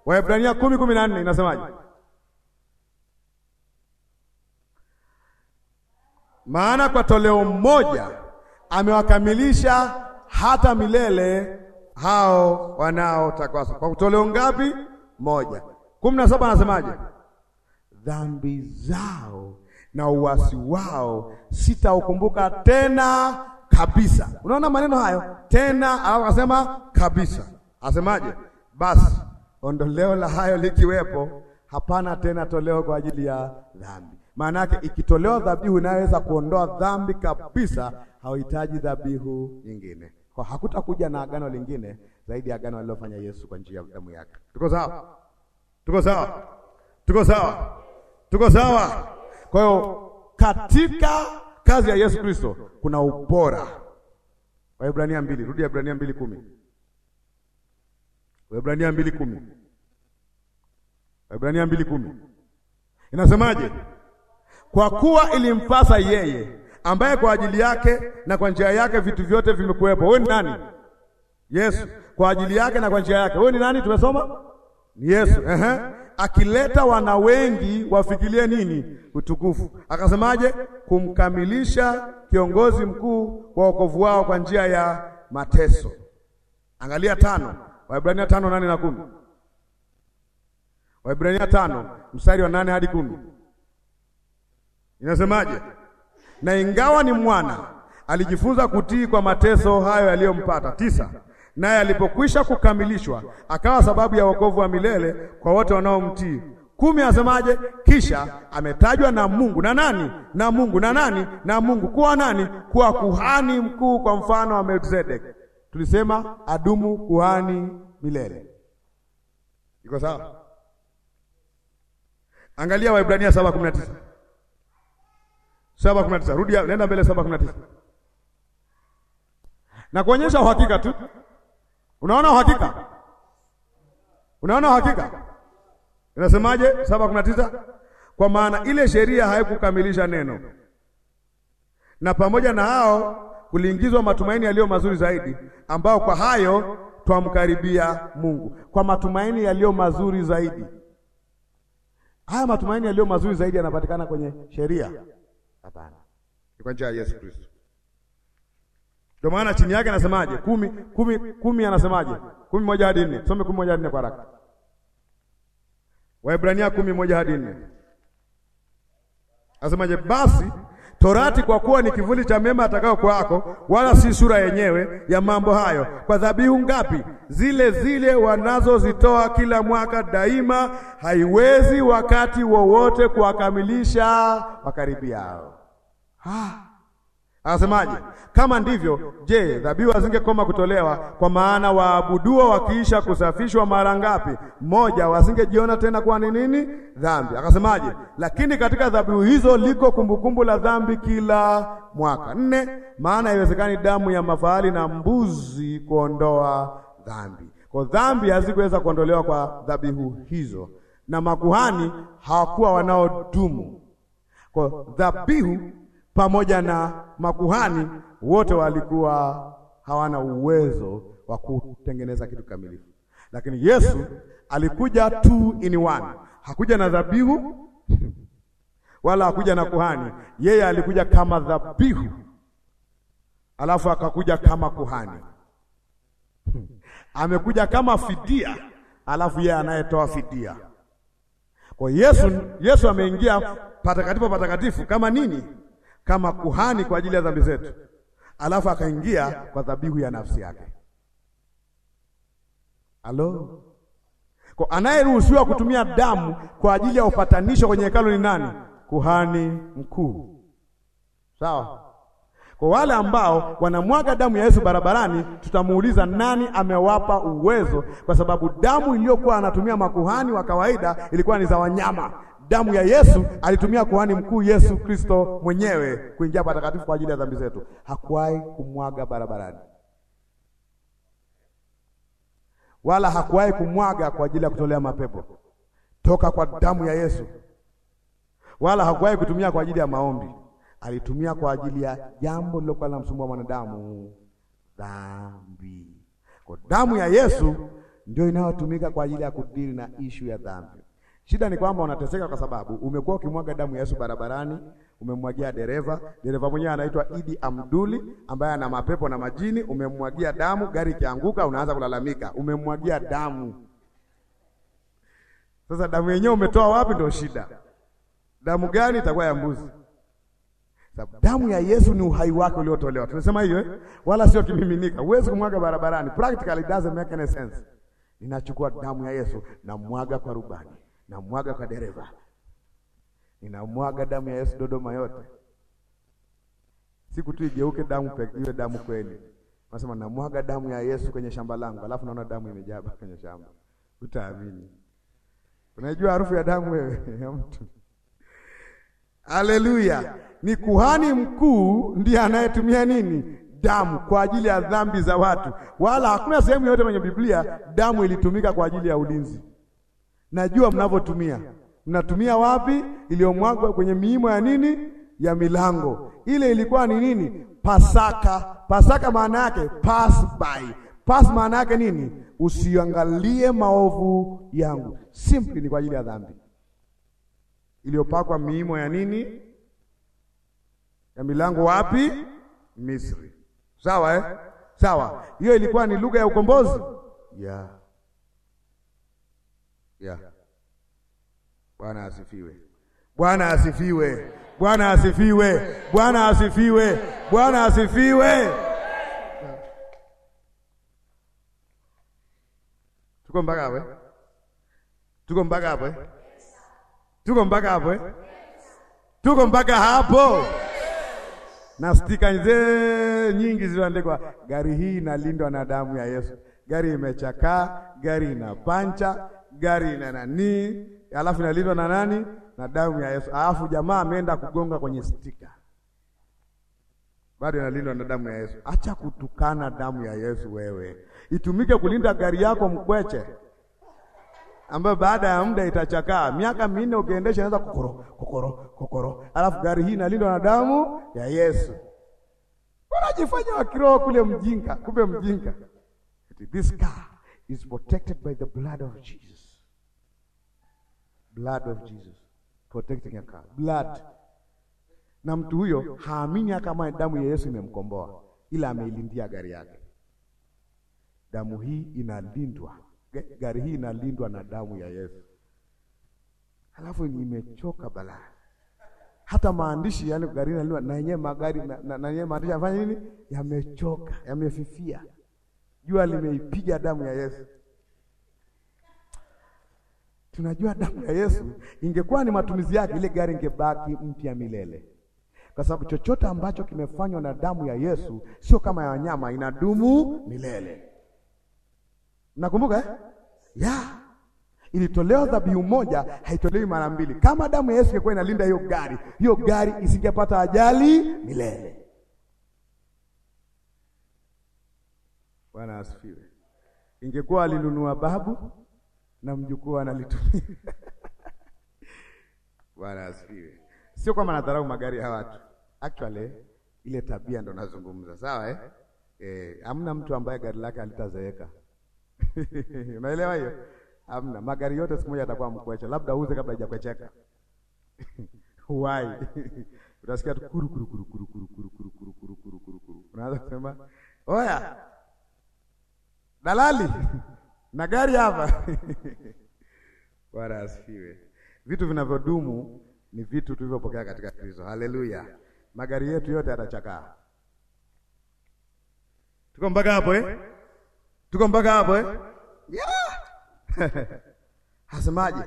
A: Waebrania kumi kumi na nne inasemaje? Maana kwa toleo mmoja amewakamilisha hata milele hao wanaotakaswa kwa kutoleo ngapi? Moja. kumi na saba anasemaje? Dhambi zao na uasi wao sitaukumbuka tena kabisa. Unaona maneno hayo tena, alafu akasema kabisa. Asemaje? Basi ondoleo la hayo likiwepo, hapana tena toleo kwa ajili ya dhambi. Maana yake ikitolewa dhabihu inayoweza kuondoa dhambi kabisa, hauhitaji dhabihu nyingine. Kwa hakutakuja na agano lingine zaidi ya agano alilofanya Yesu kwa njia ya damu yake. Tuko sawa? Tuko sawa? Tuko sawa? Tuko sawa? Kwa hiyo katika kazi ya Yesu Kristo kuna ubora. Waebrania mbili, rudi Waebrania mbili kumi. Waebrania mbili kumi. Waebrania mbili kumi inasemaje? Kwa kuwa ilimpasa yeye ambaye kwa ajili yake na kwa njia yake vitu vyote vimekuwepo. Wewe ni nani? Yesu. Kwa ajili yake na kwa njia yake. Wewe ni nani? Tumesoma ni Yesu. Ehe, akileta wana wengi wafikirie nini? Utukufu. Akasemaje? Kumkamilisha kiongozi mkuu wa wokovu wao kwa njia ya mateso. Angalia tano, Waebrania tano nane na kumi. Waebrania tano mstari wa nane hadi kumi inasemaje? na ingawa ni mwana alijifunza kutii kwa mateso hayo yaliyompata. Tisa, naye alipokwisha kukamilishwa akawa sababu ya wokovu wa milele kwa wote wanaomtii. Kumi asemaje? Kisha ametajwa na Mungu na nani? Na Mungu na nani? Na Mungu kuwa nani? Kuwa kuhani mkuu kwa mfano wa Melkizedeki. Tulisema adumu kuhani milele. Iko sawa? Angalia Waebrania 7:19 saba kumi na tisa rudia, nenda mbele, saba kumi na tisa na kuonyesha uhakika tu. Unaona uhakika, unaona uhakika. Inasemaje? saba kumi na tisa kwa maana ile sheria haikukamilisha neno, na pamoja na hao kuliingizwa matumaini yaliyo mazuri zaidi, ambao kwa hayo twamkaribia Mungu kwa matumaini yaliyo mazuri zaidi. Haya matumaini yaliyo mazuri zaidi yanapatikana kwenye sheria. Hapana, ni kwa njia ya Yesu Kristo. Ndio maana chini yake anasemaje? Kumi, kumi, kumi anasemaje? Kumi moja hadi nne. Some kumi moja hadi nne kwa haraka. Waebrania kumi moja hadi nne anasemaje? Basi Torati kwa kuwa ni kivuli cha mema atakayo kwako, wala si sura yenyewe ya mambo hayo. Kwa dhabihu ngapi? Zile zile wanazozitoa kila mwaka daima, haiwezi wakati wowote kuwakamilisha wakaribiao. Ah, anasemaje? Kama ndivyo, je, dhabihu hazingekoma kutolewa? Kwa maana waabuduo wakiisha kusafishwa mara ngapi moja, wasingejiona tena kuwa ni nini dhambi. Akasemaje? Lakini katika dhabihu hizo liko kumbukumbu la dhambi kila mwaka. Nne, maana haiwezekani damu ya mafahali na mbuzi kuondoa dhambi. Kwa dhambi hazikuweza kuondolewa kwa dhabihu hizo, na makuhani hawakuwa wanaodumu kwa dhabihu pamoja na makuhani wote walikuwa hawana uwezo wa kutengeneza kitu kamilifu, lakini Yesu alikuja two in one. Hakuja na dhabihu wala hakuja na kuhani, yeye alikuja kama dhabihu, alafu akakuja kama kuhani. Amekuja kama fidia, alafu yeye anayetoa fidia. Kwa Yesu, Yesu ameingia patakatifu patakatifu kama nini? kama kuhani kwa ajili ya dhambi zetu, alafu akaingia kwa dhabihu ya nafsi yake. Halo, kwa anayeruhusiwa kutumia damu kwa ajili ya upatanisho kwenye hekalu ni nani? Kuhani mkuu. Sawa. Kwa wale ambao wanamwaga damu ya Yesu barabarani, tutamuuliza nani amewapa uwezo, kwa sababu damu iliyokuwa anatumia makuhani wa kawaida ilikuwa ni za wanyama, damu ya Yesu alitumia kuhani mkuu Yesu Kristo mwenyewe kuingia patakatifu kwa ajili ya dhambi zetu. Hakuwahi kumwaga barabarani wala hakuwahi kumwaga kwa ajili ya kutolea mapepo toka kwa damu ya Yesu, wala hakuwahi kutumia kwa ajili ya maombi. Alitumia kwa ajili ya jambo lilokuwa linamsumbua mwanadamu, dhambi. Kwa damu ya Yesu ndio inayotumika kwa ajili ya kudili na ishu ya dhambi. Shida ni kwamba unateseka kwa sababu umekuwa ukimwaga damu ya Yesu barabarani, umemwagia dereva. Dereva mwenyewe anaitwa Idi Amduli ambaye ana mapepo na majini, Umemwagia damu. Gari ikianguka unaanza kulalamika, umemwagia damu. Sasa damu yenyewe umetoa wapi? Ndio shida. Damu gani itakuwa ya mbuzi? Sababu damu ya Yesu ni uhai wake uliotolewa. Tumesema hiyo eh? Wala sio kimiminika. Huwezi kumwaga barabarani. Practically it doesn't make any sense. Ninachukua damu ya Yesu na mwaga kwa rubani namwaga kwa dereva, ninamwaga damu ya Yesu Dodoma yote. Siku tu igeuke damu pekee, iwe damu kweli. Nasema namwaga damu ya Yesu kwenye shamba langu, alafu naona damu imejaa kwenye shamba, utaamini. Unajua harufu ya damu wewe (laughs) ya mtu Haleluya! Ni kuhani mkuu ndiye anayetumia nini? Damu kwa ajili ya dhambi za watu, wala hakuna sehemu yoyote kwenye Biblia damu ilitumika kwa ajili ya ulinzi najua mnavyotumia. Mnatumia wapi? Iliyomwagwa kwenye miimo ya nini? Ya milango. Ile ilikuwa ni nini? Pasaka. Pasaka maana yake pass by. Pass maana yake nini? Usiangalie maovu yangu. Simply ni kwa ajili ya dhambi iliyopakwa miimo ya nini? Ya milango wapi? Misri. Sawa eh? Sawa. Hiyo ilikuwa ni lugha ya ukombozi, yeah. Yeah. Bwana asifiwe. Bwana asifiwe. Bwana asifiwe. Bwana asifiwe. Bwana asifiwe. Tuko mpaka hapo? Eh? Tuko mpaka hapo? Eh? Tuko mpaka hapo? Eh? Tuko mpaka hapo? Na stika nyingi zilizoandikwa gari hii inalindwa na damu ya Yesu. Gari imechakaa, gari ina pancha, gari na nani, alafu inalindwa na nani? Na damu ya Yesu. Alafu jamaa ameenda kugonga kwenye stika, bado inalindwa na damu ya Yesu. Acha kutukana damu ya Yesu. Wewe itumike kulinda gari yako mkweche, ambayo baada ya muda itachakaa. Miaka minne ukiendesha inaweza kokoro kokoro kokoro, alafu gari hii inalindwa na damu ya Yesu. Unajifanya wa kiroho kule, mjinga kumbe mjinga. This car is protected by the blood of Jesus blood of Jesus protecting your car blood.
B: Na mtu huyo haamini kama damu
A: ya Yesu imemkomboa, ila ameilindia gari yake. Damu hii inalindwa, gari hii inalindwa na damu ya Yesu. Halafu nimechoka balaa hata maandishi yale gari naliwa na yenyewe magari na yenyewe maandishi yafanya nini? Yamechoka, yamefifia. Jua limeipiga damu ya Yesu. Tunajua damu ya Yesu ingekuwa ni matumizi yake, ile gari ingebaki mpya milele, kwa sababu chochote ambacho kimefanywa na damu ya Yesu sio kama ya wanyama, inadumu milele. nakumbuka eh? yeah. Ilitolewa dhabihu moja, haitolewi mara mbili. Kama damu ya Yesu ingekuwa inalinda hiyo gari, hiyo gari isingepata ajali milele. Bwana asifiwe. Ingekuwa alinunua babu na mjukuu analitumia Bwana asifiwe. Sio kwamba nadharau magari ya watu, actually ile tabia ndo nazungumza, sawa eh? Eh, hamna mtu ambaye gari lake alitazeeka unaelewa hiyo? Hamna, magari yote siku moja atakuwa mkwecha, labda uuze kabla hajakwecheka Why? Utasikia tu kuru kuru kuru kuru kuru kuru kuru kuru kuru kuru kuru. kuru. Unaanza kusema, "Oya. Dalali." na gari hapa (laughs) Bwana asifiwe. Vitu vinavyodumu ni vitu tulivyopokea katika Kristo. Haleluya! Magari yetu yote yatachakaa. Tuko mpaka hapo eh? Tuko mpaka hapo eh? Yeah. (laughs) Asemaje?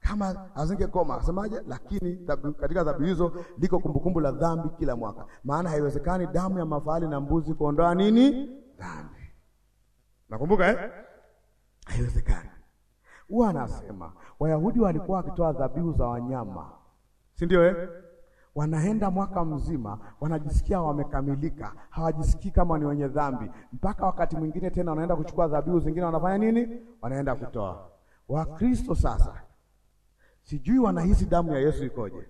A: Kama hazingekoma asemaje? Lakini katika dhabihu hizo liko kumbukumbu la dhambi kila mwaka, maana haiwezekani damu ya mafahali na mbuzi kuondoa nini dhambi. Nakumbuka eh? Haiwezekani. Huwa anasema Wayahudi walikuwa wakitoa dhabihu za wanyama, si ndio? Eh, wanaenda mwaka mzima, wanajisikia wamekamilika, hawajisikii kama ni wenye dhambi, mpaka wakati mwingine tena wanaenda kuchukua dhabihu zingine. Wanafanya nini? Wanaenda kutoa. Wakristo sasa, sijui wanahisi damu ya Yesu ikoje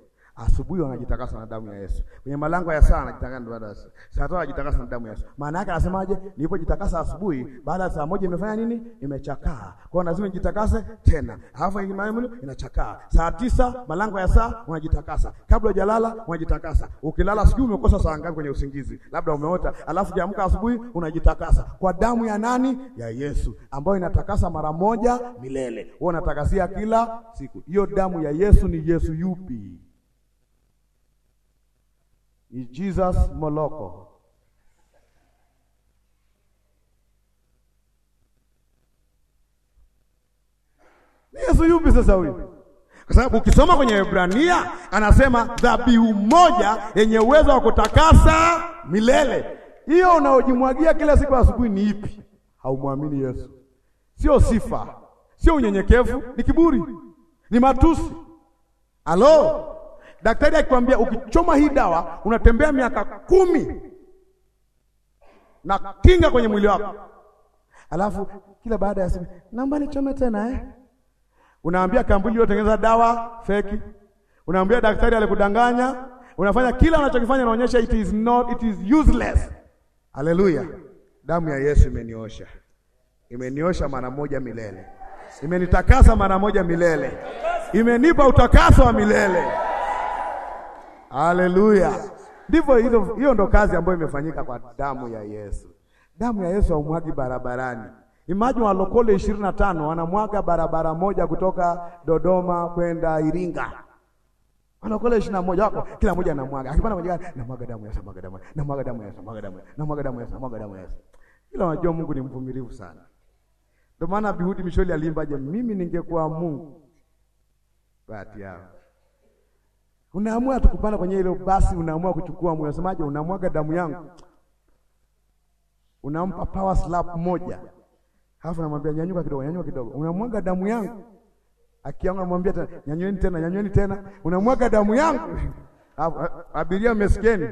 A: Asubuhi wanajitakasa na damu ya Yesu. Kwenye malango ya saa anajitakasa na damu ya Yesu. Saa tatu anajitakasa na damu ya Yesu. Maana yake anasemaje? Nilipojitakasa asubuhi, baada ya saa moja imefanya nini? Imechakaa. Kwa hiyo lazima nijitakase tena. Alafu ikimaamulu inachakaa. Saa tisa malango ya saa unajitakasa. Kabla hujalala unajitakasa. Ukilala sijui umekosa saa ngapi kwenye usingizi. Labda umeota, alafu ukiamka asubuhi unajitakasa. Kwa damu ya nani? Ya Yesu ambayo inatakasa mara moja milele. Wewe unatakasia kila siku. Hiyo damu ya Yesu ni Yesu yupi? is Jesus Moloko. Ni Yesu yupi sasa huyu? Kwa sababu ukisoma kwenye Hebrania anasema dhabihu moja yenye uwezo wa kutakasa milele. Hiyo unaojimwagia kila siku asubuhi ni ipi? Haumwamini Yesu. Sio sifa, sio unyenyekevu, ni kiburi, ni matusi. Halo? Daktari akikwambia ukichoma hii dawa unatembea miaka kumi na kinga kwenye mwili wako, alafu kila baada ya siku naomba nichome tena eh? Unaambia kampuni iliyotengeneza dawa feki, unaambia daktari alikudanganya, unafanya kila unachokifanya, unaonyesha it is not, it is useless. Haleluya! Damu ya Yesu imeniosha, imeniosha mara moja milele, imenitakasa mara moja milele, imenipa utakaso wa milele. Haleluya! Ndivyo hiyo, hiyo ndo kazi ambayo imefanyika kwa damu ya Yesu. Damu ya Yesu haumwagi barabarani. Imagine walokole ishirini na tano wanamwaga barabara moja kutoka Dodoma kwenda Iringa Anakula ishirini na moja wako kila mmoja anamwaga. Akipanda mmoja anamwaga damu ya samaga damu. Namwaga damu ya samaga damu. Namwaga damu ya samaga damu ya. Yesu. Ila wajua Mungu ni mvumilivu sana. Ndio maana Bihudi Misholi aliimba je, mimi ningekuwa Mungu. Bahati yao. Unaamua tukupanda kwenye ile basi, unaamua kuchukua moyo. Unasemaje? unamwaga damu yangu, unampa power slap moja, halafu namwambia nyanyuka kidogo, nyanyuka kidogo, unamwaga damu yangu. Akianga namwambia tena, nyanyueni tena, nyanyueni tena, unamwaga damu yangu. Abiria, mesikeni,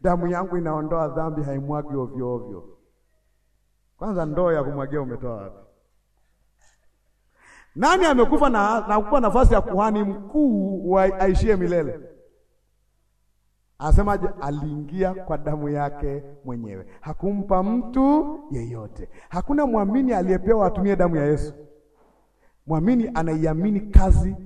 A: damu yangu inaondoa dhambi, haimwagi ovyo ovyo. Kwanza ndoo ya kumwagia umetoa wapi? Nani amekufa na nakupa nafasi ya kuhani mkuu wa aishie milele? Anasemaje? Aliingia kwa damu yake mwenyewe, hakumpa mtu yeyote. Hakuna mwamini aliyepewa atumie damu ya Yesu. Mwamini anaiamini kazi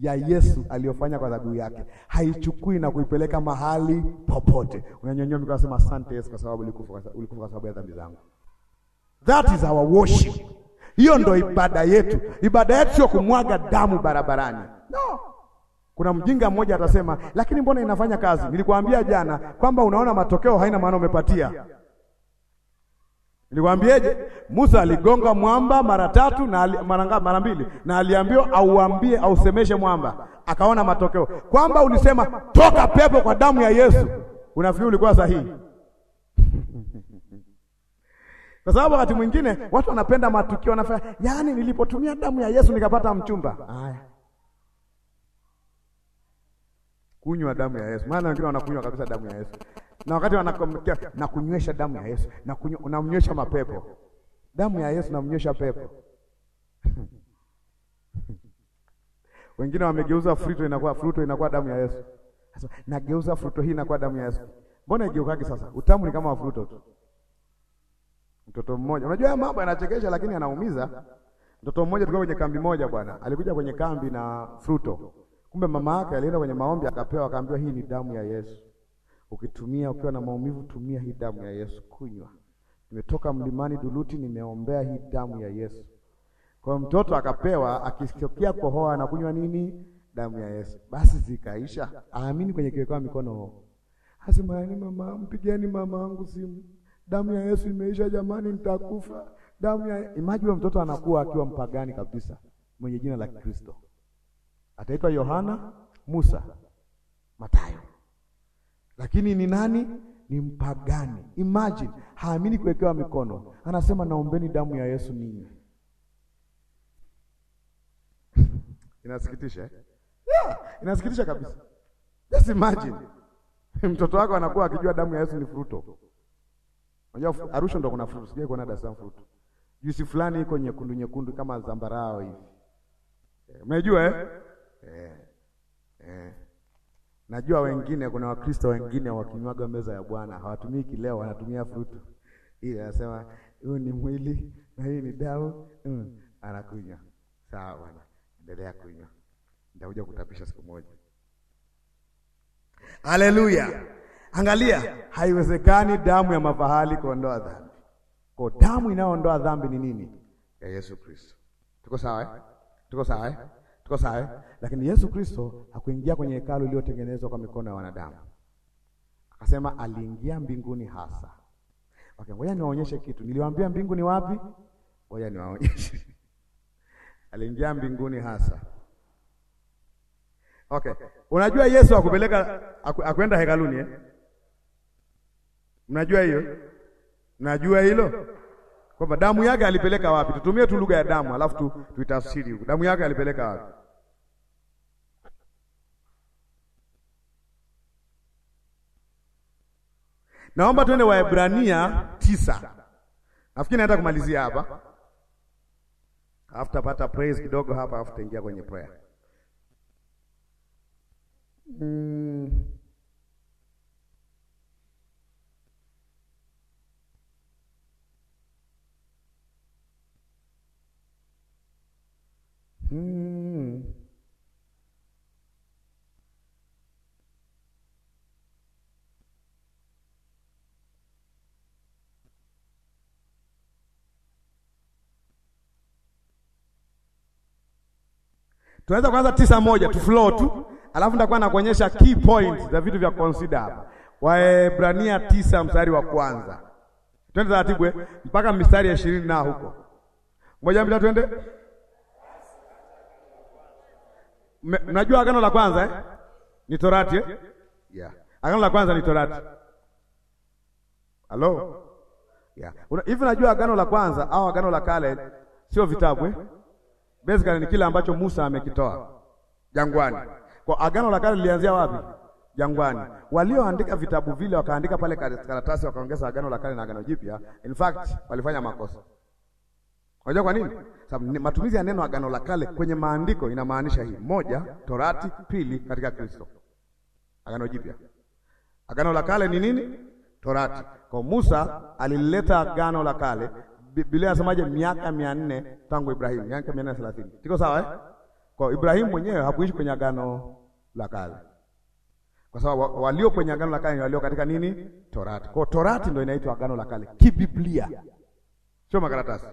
A: ya Yesu aliyofanya kwa dhabihu yake, haichukui na kuipeleka mahali popote. Unanyonyoa mikono, unasema asante Yesu, kwa sababu ulikufa, ulikufa kwa sababu ya dhambi zangu. That is our worship. Hiyo ndo ibada yetu. Ibada yetu sio kumwaga damu barabarani, no. Kuna mjinga mmoja atasema, lakini mbona inafanya kazi? Nilikwambia jana kwamba unaona matokeo haina maana umepatia. Nilikwambiaje? Musa aligonga mwamba mara tatu na mara mara mbili, na aliambiwa auambie ausemeshe mwamba, akaona matokeo. Kwamba ulisema toka pepo kwa damu ya Yesu, unafikiri ulikuwa sahihi? Kwa sababu wakati mwingine watu wanapenda matukio, wanafanya yaani, nilipotumia damu ya Yesu nikapata mchumba. Haya, kunywa damu ya Yesu, maana wengine wanakunywa kabisa damu ya Yesu, na wakati wanakomkia na kunywesha damu ya Yesu na unamnywesha mapepo, damu ya Yesu namnywesha pepo (laughs) wengine wamegeuza fruto inakuwa fruto inakuwa damu ya Yesu. Sasa nageuza fruto hii inakuwa damu ya Yesu. Mbona igeukaki sasa? Utamu ni kama wa fruto tu. Mtoto mmoja, unajua haya mambo yanachekesha, lakini yanaumiza. Mtoto mmoja tulikuwa kwenye kambi moja, bwana alikuja kwenye kambi na fruto. Kumbe mama yake alienda kwenye maombi akapewa, akaambiwa hii ni damu ya Yesu, ukitumia ukiwa na maumivu, tumia hii damu ya Yesu, kunywa. Nimetoka mlimani Duluti, nimeombea hii damu ya Yesu. Kwa mtoto akapewa, akisikia kohoa na kunywa nini? Damu ya Yesu. Basi zikaisha, aamini kwenye kiwekwa mikono. Hasa yaani mama, mpigeni mama wangu simu damu ya Yesu imeisha jamani, nitakufa damu ya imagine, mtoto anakuwa akiwa mpagani kabisa mwenye jina la Kristo, ataitwa Yohana, Musa, matayo lakini ni nani? Ni mpagani. Imagine, haamini kuwekewa mikono, anasema naombeni damu ya Yesu ninyi. (laughs) Inasikitisha eh? Yeah, inasikitisha kabisa. Just imagine (laughs) mtoto wako anakuwa akijua damu ya Yesu ni fruto Unajua Arusha ndo kuna fruit, sijui kuna Dar es Salaam fruit. Juisi fulani iko nyekundu nyekundu kama zambarao hivi. Eh, Unajua eh?
B: Eh. Eh.
A: Najua wengine kuna Wakristo wengine wakinywaga meza ya Bwana hawatumii kileo, wanatumia fruit. ile, anasema huu ni mwili na hii ni damu. Mm. Anakunywa. Sawa bwana. Endelea kunywa. Nitakuja kutapisha siku moja. Haleluya. Angalia, haiwezekani damu ya mafahali kuondoa dhambi. Kwa damu inayoondoa dhambi ni nini? Ya Yesu Kristo. Tuko sawa eh? Tuko sawa eh? Tuko sawa eh? Lakini Yesu Kristo hakuingia kwenye hekalu iliyotengenezwa kwa mikono ya wanadamu. Akasema aliingia mbinguni hasa. Okay, ngoja niwaonyeshe kitu. Niliwaambia mbingu ni wapi? Ngoja niwaonyeshe. (laughs) aliingia mbinguni hasa. Okay. Unajua Yesu akupeleka akwenda hekaluni eh? Mnajua hiyo? Mnajua hilo kwamba damu yake alipeleka wapi? Tutumie tu lugha ya damu, alafu tu tuitafsiri huko. Damu yake alipeleka wapi? Naomba tuende Waebrania tisa. Nafikiri naenda kumalizia hapa, alafu tapata praise kidogo hapa, alafu taingia kwenye prayer
B: mm. Hmm.
A: Tunaweza kuanza tisa moja tu flow tu, alafu nitakuwa nakuonyesha key points za vitu vya consider hapa. Waebrania tisa mstari wa kwanza, twende taratibu eh. mpaka mistari ya ishirini na huko. moja mbili, twende Mnajua agano la kwanza eh?
B: Ni Torati eh? Yeah. Agano la kwanza ni Torati. Halo? Yeah.
A: Hivi najua agano la kwanza au agano la kale
B: sio vitabu eh?
A: Basically ni kile ambacho Musa amekitoa jangwani. Kwa agano la kale lilianzia wapi? Jangwani. Walioandika vitabu vile wakaandika pale karatasi, wakaongeza agano la kale na agano jipya. In fact, walifanya makosa. Unajua kwa nini? Sababu matumizi ya neno agano la kale kwenye maandiko inamaanisha hii: moja, Torati; pili, katika Kristo, agano jipya. Agano la kale ni nini? Torati. Kwa Musa alileta agano la kale. Biblia inasemaje? miaka mia nne tangu Ibrahimu, miaka mia nne thelathini. Tiko sawa eh? Kwa Ibrahimu mwenyewe hakuishi kwenye agano la kale, kwa sababu walio kwenye agano la kale ni walio katika nini? Torati. Kwa Torati ndio inaitwa agano la kale kibiblia, sio makaratasi.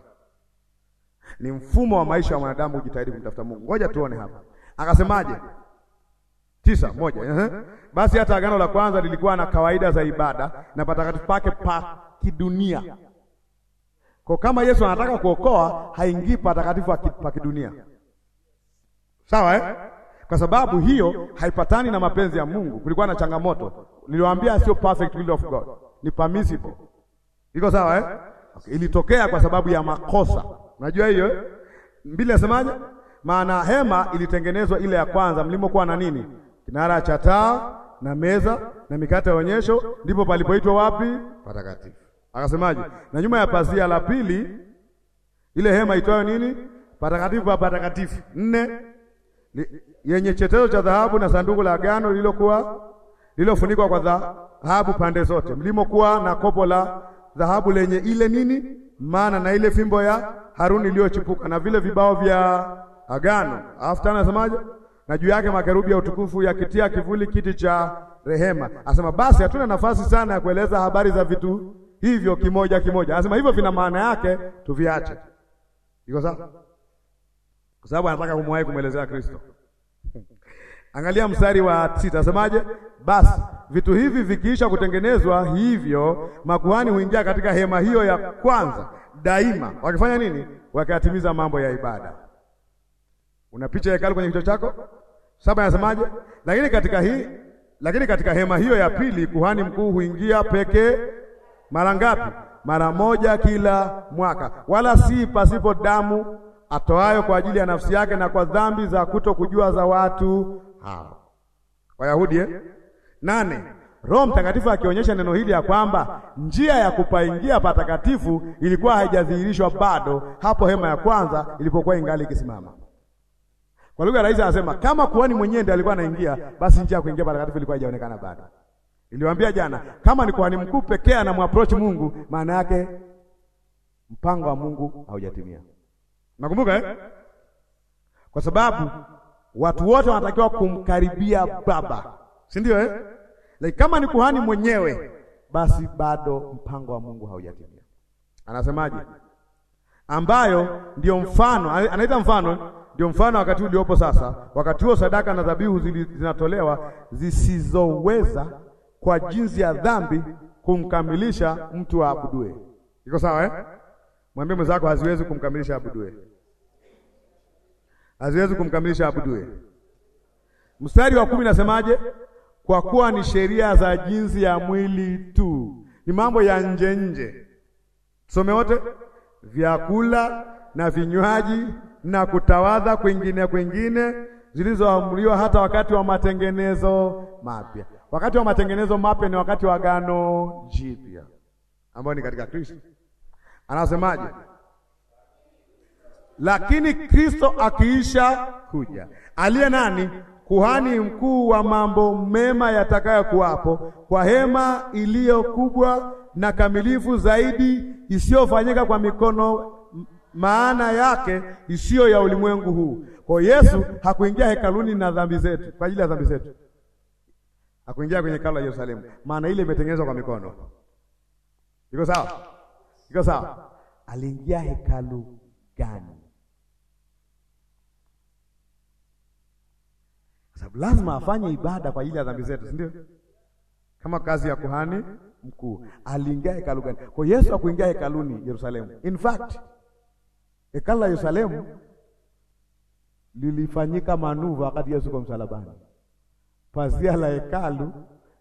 A: Ni mfumo wa maisha ya mwanadamu kujitahidi kumtafuta Mungu. Ngoja tuone hapa akasemaje. Tisa moja. Basi hata agano la kwanza lilikuwa na kawaida za ibada na patakatifu pake pa kidunia. Kwa kama Yesu anataka kuokoa, haingii patakatifu pa kidunia, sawa eh? Kwa sababu hiyo haipatani na mapenzi ya Mungu. Kulikuwa na changamoto, niliwaambia sio perfect will of God, ni permissible. Iko sawa eh? Okay. Ilitokea kwa sababu ya makosa Unajua hiyo eh? Biblia Maana hema ilitengenezwa ile ya kwanza mlimokuwa na nini? Kinara cha taa na meza na mikate ya onyesho, ndipo palipoitwa wapi? Patakatifu. Akasemaje? Na nyuma ya pazia la pili ile hema itwayo nini? Patakatifu pa patakatifu. Nne yenye chetezo cha dhahabu na sanduku la agano lililokuwa lililofunikwa kwa dhahabu pande zote, mlimokuwa na kopo la dhahabu lenye ile nini maana na ile fimbo ya Haruni iliyochipuka na vile vibao vya agano. Alafu tena anasemaje? Na juu yake makerubi ya utukufu yakitia kivuli kiti cha rehema. Anasema basi hatuna nafasi sana ya kueleza habari za vitu hivyo kimoja kimoja. Anasema hivyo vina maana yake, tuviache. Iko sawa? Kwa sababu anataka kumwahi kumwelezea Kristo. (laughs) Angalia mstari wa sita, asemaje? Basi vitu hivi vikiisha kutengenezwa hivyo, makuhani huingia katika hema hiyo ya kwanza daima, wakifanya nini? Wakayatimiza mambo ya ibada. Una picha ya hekalu kwenye kichwa chako? Saba anasemaje? Lakini katika hii, lakini katika hema hiyo ya pili kuhani mkuu huingia pekee mara ngapi? Mara moja kila mwaka, wala si pasipo damu atoayo kwa ajili ya nafsi yake na kwa dhambi za kuto kujua za watu hao Wayahudi eh? Nane, Roho Mtakatifu akionyesha neno hili ya kwamba njia ya kupaingia patakatifu ilikuwa haijadhihirishwa bado hapo hema ya kwanza ilipokuwa ingali ikisimama. Kwa lugha rahisi anasema kama kuhani mwenyewe ndiye alikuwa anaingia, basi njia ya kuingia patakatifu ilikuwa haijaonekana bado. Iliwaambia jana, kama ni kuhani mkuu pekee anamapproach Mungu, maana yake mpango wa Mungu haujatimia. Nakumbuka eh? Kwa sababu watu wote wanatakiwa kumkaribia Baba, si ndio eh? Lakini kama ni kuhani mwenyewe, basi bado mpango wa Mungu haujatimia. Anasemaje? ambayo ndio mfano, anaita mfano, ndio mfano wakati uliopo sasa. Wakati huo sadaka na dhabihu zinatolewa zisizoweza kwa jinsi ya dhambi kumkamilisha mtu aabudue. Iko sawa eh? Mwambie mwenzako haziwezi kumkamilisha abudue, haziwezi kumkamilisha abudue. Mstari wa kumi nasemaje? kwa kuwa ni sheria za jinsi ya mwili tu, ni mambo ya nje nje. Tusome wote, vyakula na vinywaji na kutawadha kwingine kwingine zilizoamriwa hata wakati wa matengenezo mapya. Wakati wa matengenezo mapya ni wakati wa agano jipya ambao ni katika Kristo. Anasemaje? Lakini Kristo akiisha kuja, aliye nani? kuhani mkuu wa mambo mema yatakayokuwapo kwa hema iliyo kubwa na kamilifu zaidi isiyofanyika kwa mikono, maana yake isiyo ya ulimwengu huu. Kwa Yesu hakuingia hekaluni na dhambi zetu, kwa ajili ya dhambi zetu hakuingia kwenye hekalu la Yerusalemu, maana ile imetengenezwa kwa mikono. Iko sawa? Iko sawa? Aliingia hekalu gani? sababu lazima afanye ibada kwa ajili ya dhambi zetu, si ndio? Kama kazi ya kuhani mkuu aliingia hekalu gani? Kwa Yesu akuingia hekaluni Yerusalemu. In fact hekalu la Yerusalemu lilifanyika manuva wakati Yesu kwa msalabani, pazia la hekalu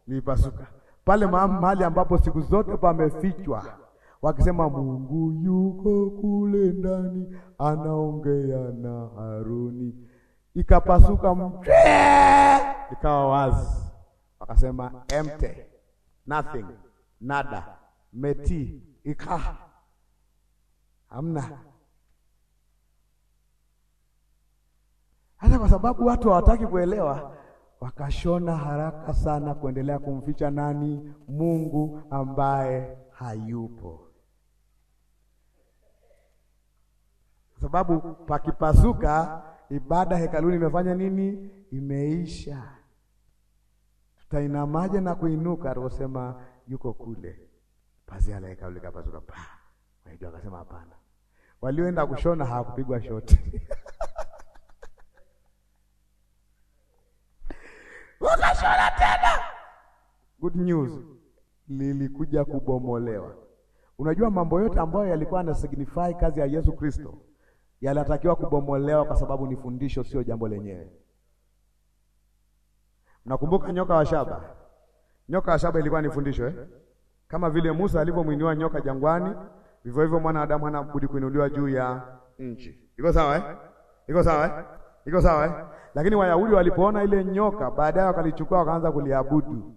A: lilipasuka pale mahali ambapo siku zote pamefichwa, wakisema Mungu yuko kule ndani, anaongea na Haruni ikapasuka mtwe, ikawa wazi, wakasema empty nothing nada meti ika hamna. Hata kwa sababu watu hawataki kuelewa, wakashona haraka sana kuendelea kumficha nani? Mungu ambaye hayupo, kwa sababu pakipasuka ibada hekaluni imefanya nini? Imeisha. Tutainamaje na kuinuka? Alivyosema yuko kule, pazia la hekalu likapasuka pa. Waidu akasema hapana, walioenda kushona hawakupigwa shoti ukashona (laughs) tena. Good news lilikuja kubomolewa. Unajua mambo yote ambayo yalikuwa na signify kazi ya Yesu Kristo yanatakiwa kubomolewa kwa sababu ni fundisho, sio jambo lenyewe. Mnakumbuka nyoka wa shaba? Nyoka wa shaba ilikuwa ni fundisho eh? Kama vile Musa alivyomwinua nyoka jangwani, vivyo hivyo mwanadamu hana budi kuinuliwa juu ya nchi. Iko sawa eh?
B: Iko sawa eh? Iko sawa eh?
A: Lakini Wayahudi walipoona ile nyoka, baadaye wakalichukua wakaanza kuliabudu.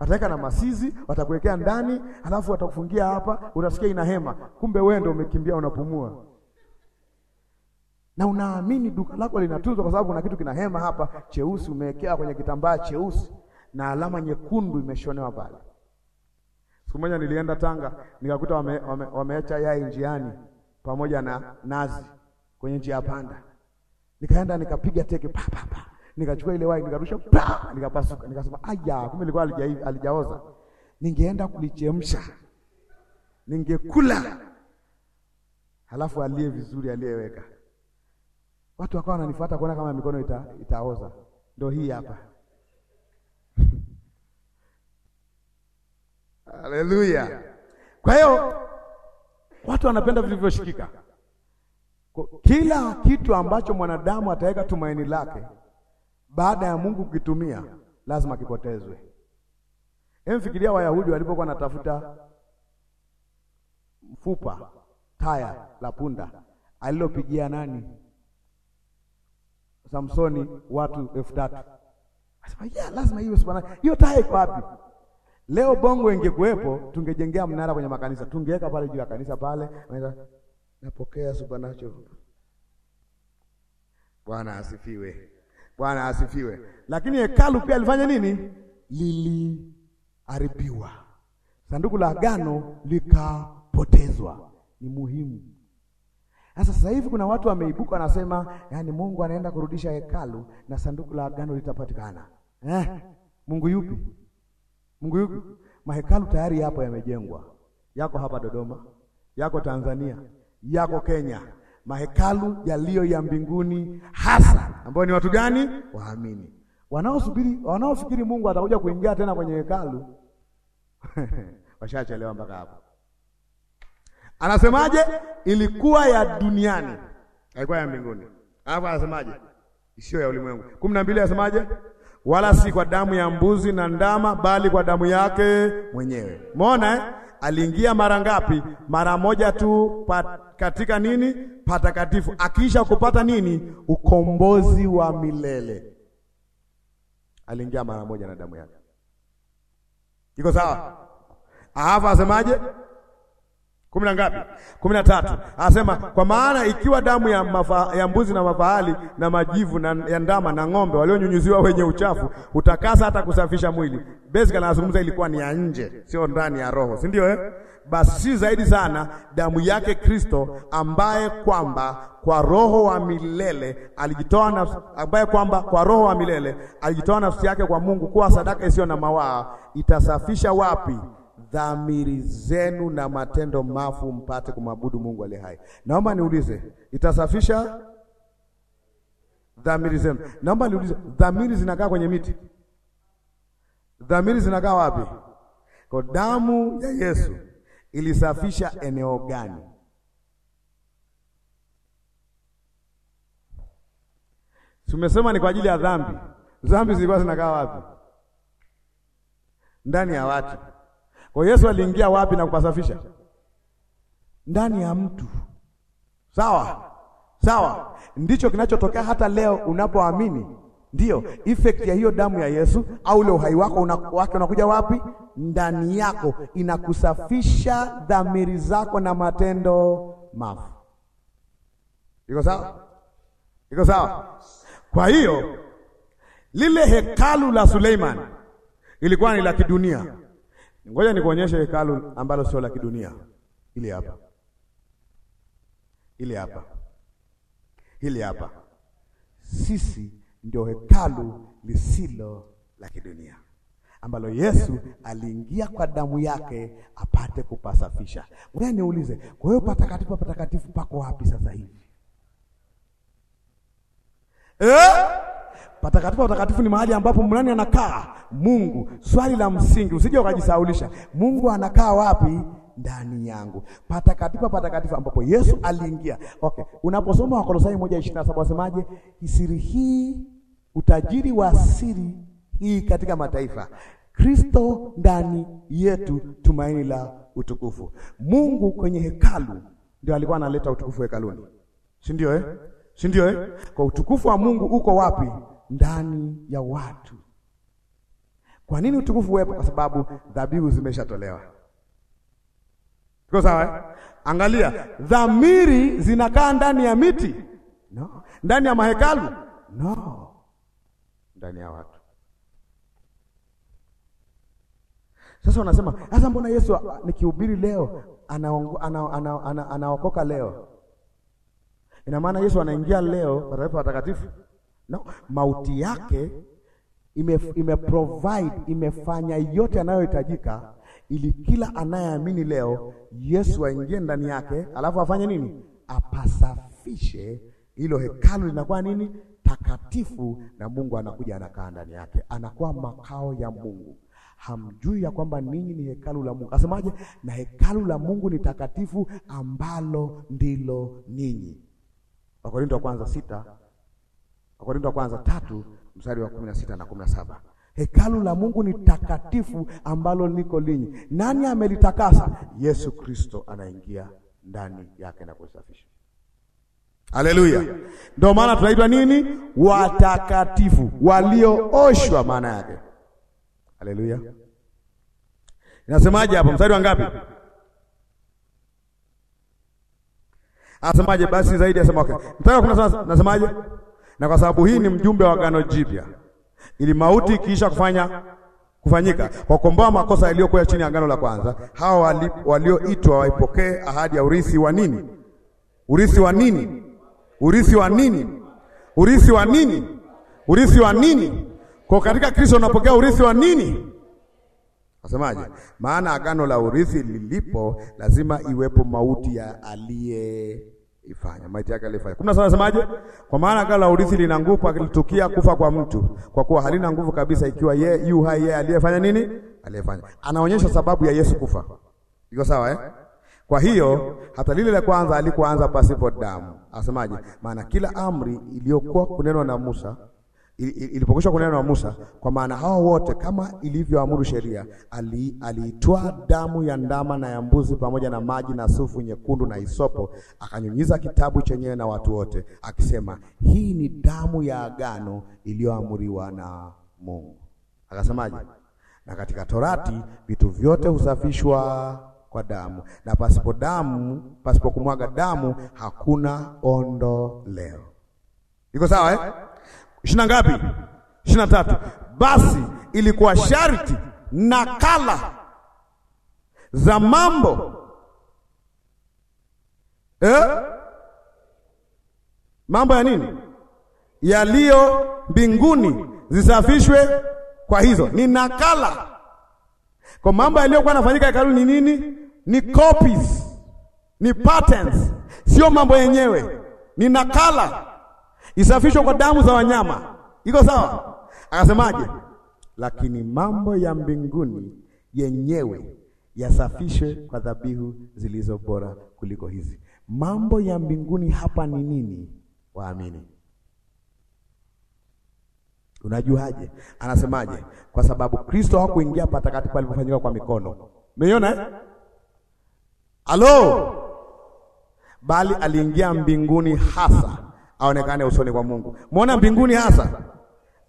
A: ataweka na masizi, watakuwekea ndani, halafu watakufungia hapa, utasikia ina hema. Kumbe wewe ndio umekimbia unapumua. Na unaamini duka lako linatunzwa kwa sababu kuna kitu kina hema hapa cheusi umewekewa kwenye kitambaa cheusi na alama nyekundu imeshonewa pale. Siku moja nilienda Tanga nikakuta wame, wame, wameacha yai njiani pamoja na nazi kwenye njia panda. Nikaenda nikapiga teke pa pa pa nikachukua ile wine nikarusha, pa nikapasuka, nikasema aya, kumbe ilikuwa alija alijaoza. Ningeenda kulichemsha, ningekula, halafu aliye vizuri aliyeweka. Watu wakawa wananifuata kuona kama mikono ita, itaoza. Ndio hii hapa. (laughs) Haleluya! Kwa hiyo watu wanapenda vilivyoshikika. Kila kitu ambacho mwanadamu ataweka tumaini lake baada ya Mungu kukitumia lazima kipotezwe. Emfikiria Wayahudi walipokuwa wanatafuta mfupa taya la punda alilopigia nani? Samsoni watu elfu tatu. Asema yeah, lazima hiyo sipana. Hiyo taya iko wapi? Leo bongo ingekuwepo tungejengea mnara kwenye makanisa. Tungeweka pale juu ya kanisa pale. Napokea supernatural. Bwana asifiwe. Bwana asifiwe. Lakini hekalu pia alifanya nini? Liliharibiwa, sanduku la agano likapotezwa. Ni muhimu sasa. Sasa hivi kuna watu wameibuka, wanasema yani Mungu anaenda kurudisha hekalu na sanduku la agano litapatikana. Eh, Mungu yupi? Mungu yupi? Mahekalu tayari yapo, yamejengwa, yako hapa Dodoma, yako Tanzania, yako Kenya mahekalu yaliyo ya mbinguni hasa, ambao ni watu gani? Waamini wanaosubiri, wanaofikiri Mungu atakuja kuingia tena kwenye hekalu (laughs) washachelewa mpaka hapo. Anasemaje? ilikuwa ya duniani, haikuwa ya mbinguni. Alafu anasemaje? isiyo ya ulimwengu. kumi na mbili anasemaje? wala si kwa damu ya mbuzi na ndama, bali kwa damu yake mwenyewe. Umeona eh? aliingia mara ngapi? Mara moja tu pat, katika nini patakatifu, akiisha kupata nini? Ukombozi wa milele. Aliingia mara moja na damu yake, iko sawa? Hapa asemaje? kumi na ngapi? kumi na tatu. Anasema kwa maana ikiwa damu ya, mafa, ya mbuzi na mafahali na majivu na, ya ndama na ng'ombe walionyunyuziwa wenye uchafu utakasa hata kusafisha mwili. Basically anazungumza ilikuwa ni ya nje, sio ndani ya roho, si ndio eh? Basi si zaidi sana damu yake Kristo, ambaye kwamba kwa roho wa milele alijitoa nafsi, ambaye kwamba kwa roho wa milele alijitoa nafsi yake kwa Mungu kuwa sadaka isiyo na mawaa, itasafisha wapi dhamiri zenu na matendo mafu mpate kumwabudu Mungu aliye hai. Naomba niulize, itasafisha dhamiri zenu? Naomba niulize, dhamiri zinakaa kwenye miti? Dhamiri zinakaa wapi? Kwa damu ya Yesu ilisafisha eneo gani? Tumesema ni kwa ajili ya dhambi.
B: Dhambi zilikuwa zinakaa wapi?
A: Ndani ya watu. Kwa Yesu aliingia wapi na kupasafisha? Ndani ya mtu. Sawa? Sawa? Ndicho kinachotokea hata leo unapoamini. ndio effect ya hiyo damu ya Yesu au ule uhai wako una, wake unakuja wapi? Ndani yako inakusafisha dhamiri zako na
B: matendo
A: mafu. Iko sawa? Iko sawa? Kwa hiyo lile hekalu la Suleiman ilikuwa ni la kidunia. Ngoja nikuonyeshe hekalu ambalo sio la kidunia. Ile hapa, ile hapa, ile hapa. Sisi ndio hekalu lisilo la kidunia ambalo Yesu aliingia kwa damu yake apate kupasafisha. Ngoja niulize, kwa hiyo patakatifu patakatifu pako wapi sasa hivi eh? Patakatifu patakatifu ni mahali ambapo mnani anakaa Mungu. Swali la msingi, usije ukajisaulisha, Mungu anakaa wapi? Ndani yangu. Patakatifu patakatifu ambapo Yesu aliingia. Okay, unaposoma Wakolosai 1:27 wasemaje? Siri hii, utajiri wa siri hii katika mataifa, Kristo ndani yetu, tumaini la utukufu. Mungu kwenye hekalu ndio alikuwa analeta utukufu hekaluni, si ndio eh? si ndio eh? Kwa utukufu wa Mungu uko wapi? Ndani ya watu. Kwa nini utukufu uwepo? Kwa sababu dhabihu zimeshatolewa. Tuko sawa eh? Angalia, dhamiri zinakaa ndani ya miti no, ndani ya mahekalu no, ndani ya watu. Sasa wanasema sasa, mbona Yesu ah, nikihubiri leo anaokoka ana, ana, ana, ana leo Ina maana Yesu anaingia leo katika watakatifu? No, mauti yake ime, ime provide imefanya yote anayohitajika ili kila anayeamini leo Yesu aingie ndani yake, alafu afanye nini? Apasafishe hilo hekalu, linakuwa nini? Takatifu, na Mungu anakuja anakaa ndani yake, anakuwa makao ya Mungu. Hamjui ya kwamba ninyi ni hekalu la Mungu? Asemaje? Na hekalu la Mungu ni takatifu, ambalo ndilo ninyi. Wakorintho wa kwanza sita, Wakorintho wa kwanza tatu mstari wa kumi na sita na kumi na saba. Hekalu la Mungu ni takatifu ambalo liko linyi. Nani amelitakasa? Yesu Kristo anaingia ndani yake na kusafisha. Haleluya! Ndio maana tunaitwa nini? Watakatifu, waliooshwa maana yake. Haleluya! Inasemaje hapo? Mstari wa ngapi? Anasemaje? Basi zaidi asema okay. Mtaka kuna nasemaje? Na kwa sababu hii ni mjumbe wa agano jipya. Ili mauti ikiisha kufanya kufanyika kwa kukomboa makosa yaliyokuwa chini ya agano la kwanza, hawa walioitwa waipokee ahadi ya urithi wa nini? Urithi wa nini? Urithi wa nini? Urithi wa nini? Urithi wa nini? Kwa katika Kristo unapokea urithi wa nini? Asemaje? Maana agano la urithi lilipo lazima iwepo mauti ya aliye ifanya maiti yake alifanya. Kuna sana saba Kwa maana agano la urithi lina nguvu, akilitukia kufa kwa mtu, kwa kuwa halina nguvu kabisa ikiwa ye yu hai, yeye aliyefanya nini? Aliyefanya. Anaonyesha sababu ya Yesu kufa, iko sawa eh? Kwa hiyo hata lile la kwanza alikuanza pasipo damu. Asemaje? Maana kila amri iliyokuwa kunenwa na Musa ilipokwisha kunena na Musa, kwa maana hao wote kama ilivyoamuru sheria, aliitwaa ali damu ya ndama na ya mbuzi pamoja na maji na sufu nyekundu na isopo akanyunyiza kitabu chenyewe na watu wote, akisema, hii ni damu ya agano iliyoamuriwa na Mungu. Akasemaje? Na katika Torati vitu vyote husafishwa kwa damu, na pasipo damu, pasipo kumwaga damu hakuna ondoleo. Iko sawa eh? ishirini na ngapi? ishirini na tatu. Basi ilikuwa sharti nakala za mambo eh? mambo ya nini yaliyo mbinguni zisafishwe kwa hizo, ni nakala kwa mambo yaliyokuwa yanafanyika hekaluni. Ni nini? Ni copies, ni patents, sio mambo yenyewe, ni nakala isafishwa kwa damu za wanyama, iko sawa? Akasemaje? Lakini mambo ya mbinguni yenyewe yasafishwe kwa dhabihu zilizo bora kuliko hizi. Mambo ya mbinguni hapa ni nini, waamini? Unajuaje? Anasemaje? Kwa sababu Kristo hakuingia patakatifu palipofanyika kwa mikono. Umeiona eh? Alo, bali aliingia mbinguni hasa aonekane usoni kwa Mungu. Muona mbinguni hasa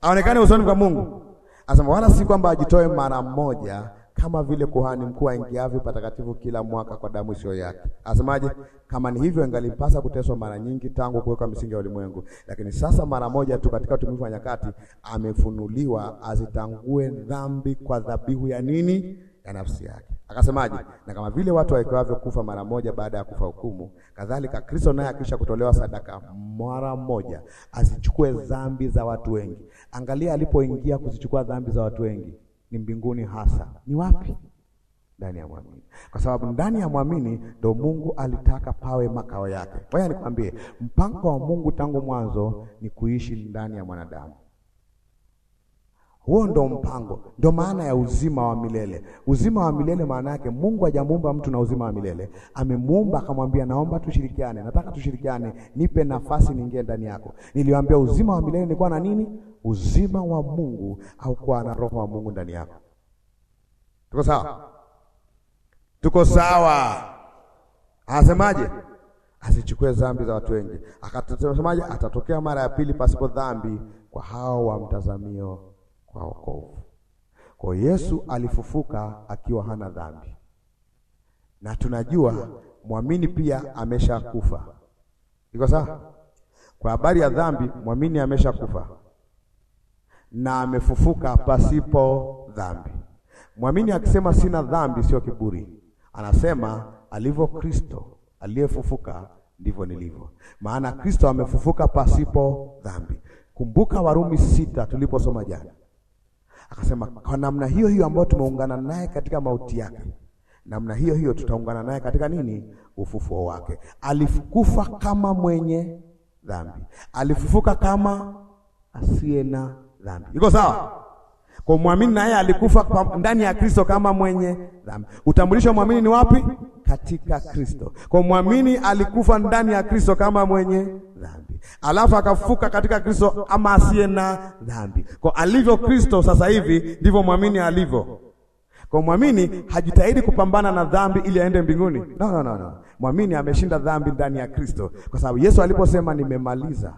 A: aonekane usoni kwa Mungu. Anasema wala si kwamba ajitoe mara moja kama vile kuhani mkuu aingiavyo patakatifu kila mwaka kwa damu isiyo yake. Asemaje? Kama ni hivyo, ingalipasa kuteswa mara nyingi tangu kuwekwa misingi ya ulimwengu, lakini sasa mara moja tu katika utumivu wa nyakati amefunuliwa azitangue dhambi kwa dhabihu ya nini? ya nafsi yake. Akasemaje? Na kama vile watu wawekeavyo kufa mara moja baada ya kufa hukumu, kadhalika Kristo naye akisha kutolewa sadaka mara moja azichukue dhambi za watu wengi. Angalia, alipoingia kuzichukua dhambi za watu wengi ni mbinguni, hasa ni wapi? Ndani ya mwamini, kwa sababu ndani ya mwamini ndo Mungu alitaka pawe makao yake. Kwa hiyo nikwambie, mpango wa Mungu tangu mwanzo ni kuishi ndani ya mwanadamu. Huo ndo mpango, ndo maana ya uzima wa milele. Uzima wa milele maana yake Mungu hajamuumba mtu na uzima wa milele, amemuumba akamwambia, naomba tushirikiane, nataka tushirikiane, nipe nafasi niingie ndani yako. Niliwaambia uzima wa milele ni na nini? Uzima wa Mungu au kuwa na roho wa Mungu ndani yako. Tuko sawa? Tuko sawa? Anasemaje? Asichukue dhambi za watu wengi, akatasemaje? Atatokea mara ya pili pasipo dhambi kwa hao wamtazamio kwa wokovu. Kwa Yesu alifufuka akiwa hana dhambi, na tunajua mwamini pia ameshakufa. Iko sawa? Kwa habari ya dhambi, mwamini ameshakufa na amefufuka pasipo dhambi. Mwamini akisema sina dhambi, sio kiburi, anasema alivyo Kristo aliyefufuka ndivyo nilivyo, maana Kristo amefufuka pasipo dhambi. Kumbuka Warumi sita tuliposoma jana. Akasema kwa namna hiyo hiyo ambayo tumeungana naye katika mauti yake, namna hiyo hiyo tutaungana naye katika nini? Ufufuo wake. Alikufa kama mwenye dhambi, alifufuka kama asiye na
B: dhambi. Iko sawa?
A: Kwa muamini naye alikufa ndani ya Kristo kama mwenye dhambi. Utambulisho wa muamini ni wapi? Katika Kristo. Kwa muamini alikufa ndani ya Kristo kama mwenye dhambi, alafu akafuka katika Kristo ama asiye na dhambi. Kwa alivyo Kristo sasa hivi ndivyo muamini alivyo. Kwa mwamini hajitahidi kupambana na dhambi ili aende mbinguni. No, no, no, no. Mwamini ameshinda dhambi ndani ya Kristo, kwa sababu Yesu aliposema nimemaliza,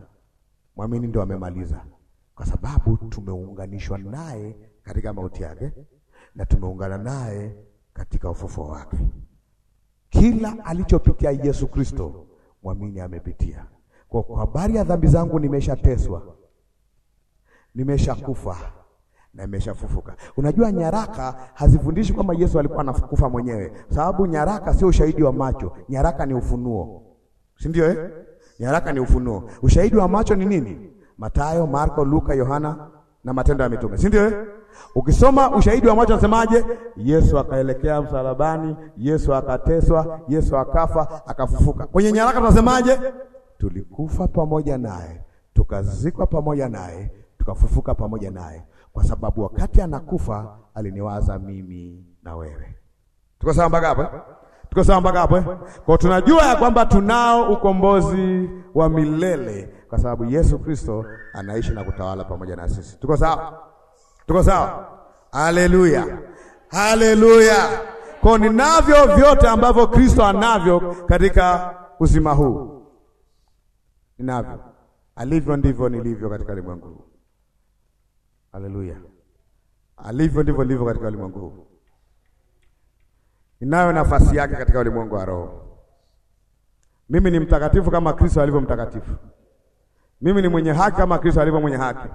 A: mwamini ndio amemaliza kwa sababu tumeunganishwa naye katika mauti yake na tumeungana naye katika ufufuo wake. Kila alichopitia Yesu Kristo mwamini amepitia. Kwa habari ya dhambi zangu nimeshateswa, nimeshakufa na nimeshafufuka. Unajua, nyaraka hazifundishi kwamba Yesu alikuwa anakufa mwenyewe, sababu nyaraka sio ushahidi wa macho. Nyaraka ni ufunuo, si ndio eh? Nyaraka ni ufunuo. Ushahidi wa macho ni nini? Matayo, Marko, Luka, Yohana na Matendo ya Mitume, si ndio? Eh? ukisoma ushahidi wa mwacho anasemaje? Yesu akaelekea msalabani, Yesu akateswa, Yesu akafa, akafufuka. Kwenye nyaraka tunasemaje? Tulikufa pamoja naye, tukazikwa pamoja naye, tukafufuka pamoja naye, kwa sababu wakati anakufa aliniwaza mimi na wewe. Tuko sawa mpaka hapo? Eh? Tuko sawa mpaka hapo? Eh? Kwa tunajua ya kwamba tunao ukombozi wa milele kwa sababu Yesu Kristo anaishi na kutawala pamoja na sisi. Tuko sawa? Tuko sawa? Haleluya, haleluya. Kwa ninavyo vyote ambavyo Kristo anavyo katika uzima huu, ninavyo alivyo, ndivyo nilivyo katika ulimwengu huu. Haleluya, alivyo ndivyo nilivyo katika ulimwengu huu. Ninayo nafasi yake katika ulimwengu wa roho. Mimi ni mtakatifu kama Kristo alivyo mtakatifu. Mimi ni mwenye haki kama Kristo alivyo mwenye haki.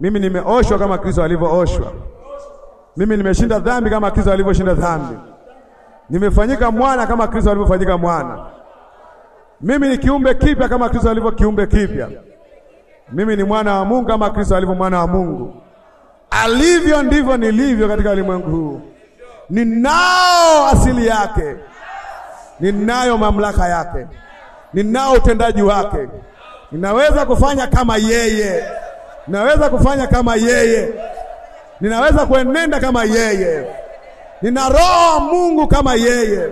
A: Mimi nimeoshwa kama Kristo alivyooshwa. Mimi nimeshinda dhambi kama Kristo alivyoshinda dhambi. Nimefanyika mwana kama Kristo alivyofanyika mwana. Mimi ni kiumbe kipya kama Kristo alivyo kiumbe kipya. Mimi ni mwana wa Mungu kama Kristo alivyo mwana wa Mungu. Alivyo ndivyo nilivyo katika ulimwengu huu. Ninao asili yake, ninayo mamlaka yake, ninao utendaji wake. Ninaweza kufanya kama yeye, ninaweza kufanya kama yeye, ninaweza kuenenda kama yeye, nina roho Mungu kama yeye.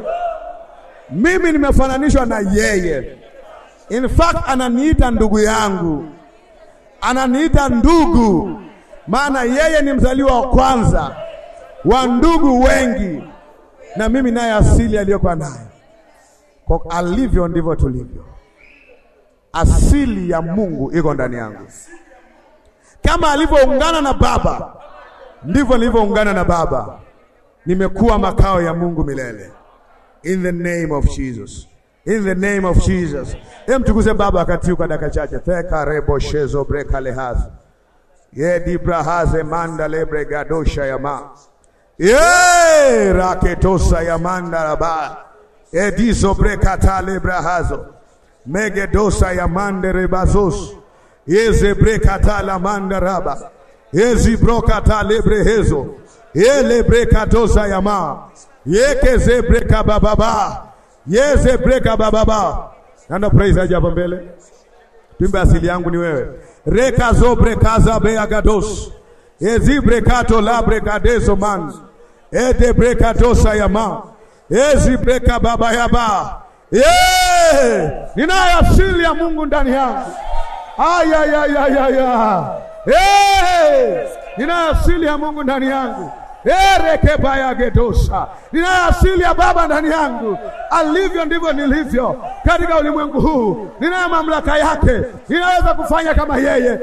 A: Mimi nimefananishwa na yeye. In fact, ananiita ndugu yangu, ananiita ndugu, maana yeye ni mzaliwa wa kwanza wa ndugu wengi, na mimi naye asili aliyokuwa nayo. Kwa alivyo ndivyo tulivyo asili ya Mungu iko ndani yangu. Kama alivyoungana na Baba, ndivyo nilivyoungana na Baba. Nimekuwa makao ya Mungu milele. In the name of Jesus. In the name of Jesus. Hem, tukuze Baba wakati uka dakika chache. Theka rebo shezo breka lehaz. Ye dibra haze manda lebre gadosha yama. Ye raketosa yamanda raba. Ye dizo breka tale brahazo megedosa ya mandere bazos mandaraba yezibrokata lebrehezo yelebrekadosa ya ma yekezebreka bababa yezebreka bababa nando praise aja hapa mbele timbe asili yangu ni wewe rekazobrekazabeagados yezibrekato labrekadezo man edebrekadosa ya ma yezibreka baba yaba Yeah! Ninayo asili ya Mungu ndani yangu. Ayayayayaya! Hey! Ninayo asili ya Mungu ndani yangu erekebayagedosa ninayo asili ya Baba ndani yangu. Alivyo ndivyo nilivyo katika ulimwengu huu. Ninayo mamlaka yake, ninaweza kufanya kama yeye.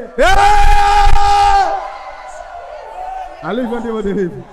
B: Alivyo ndivyo nilivyo.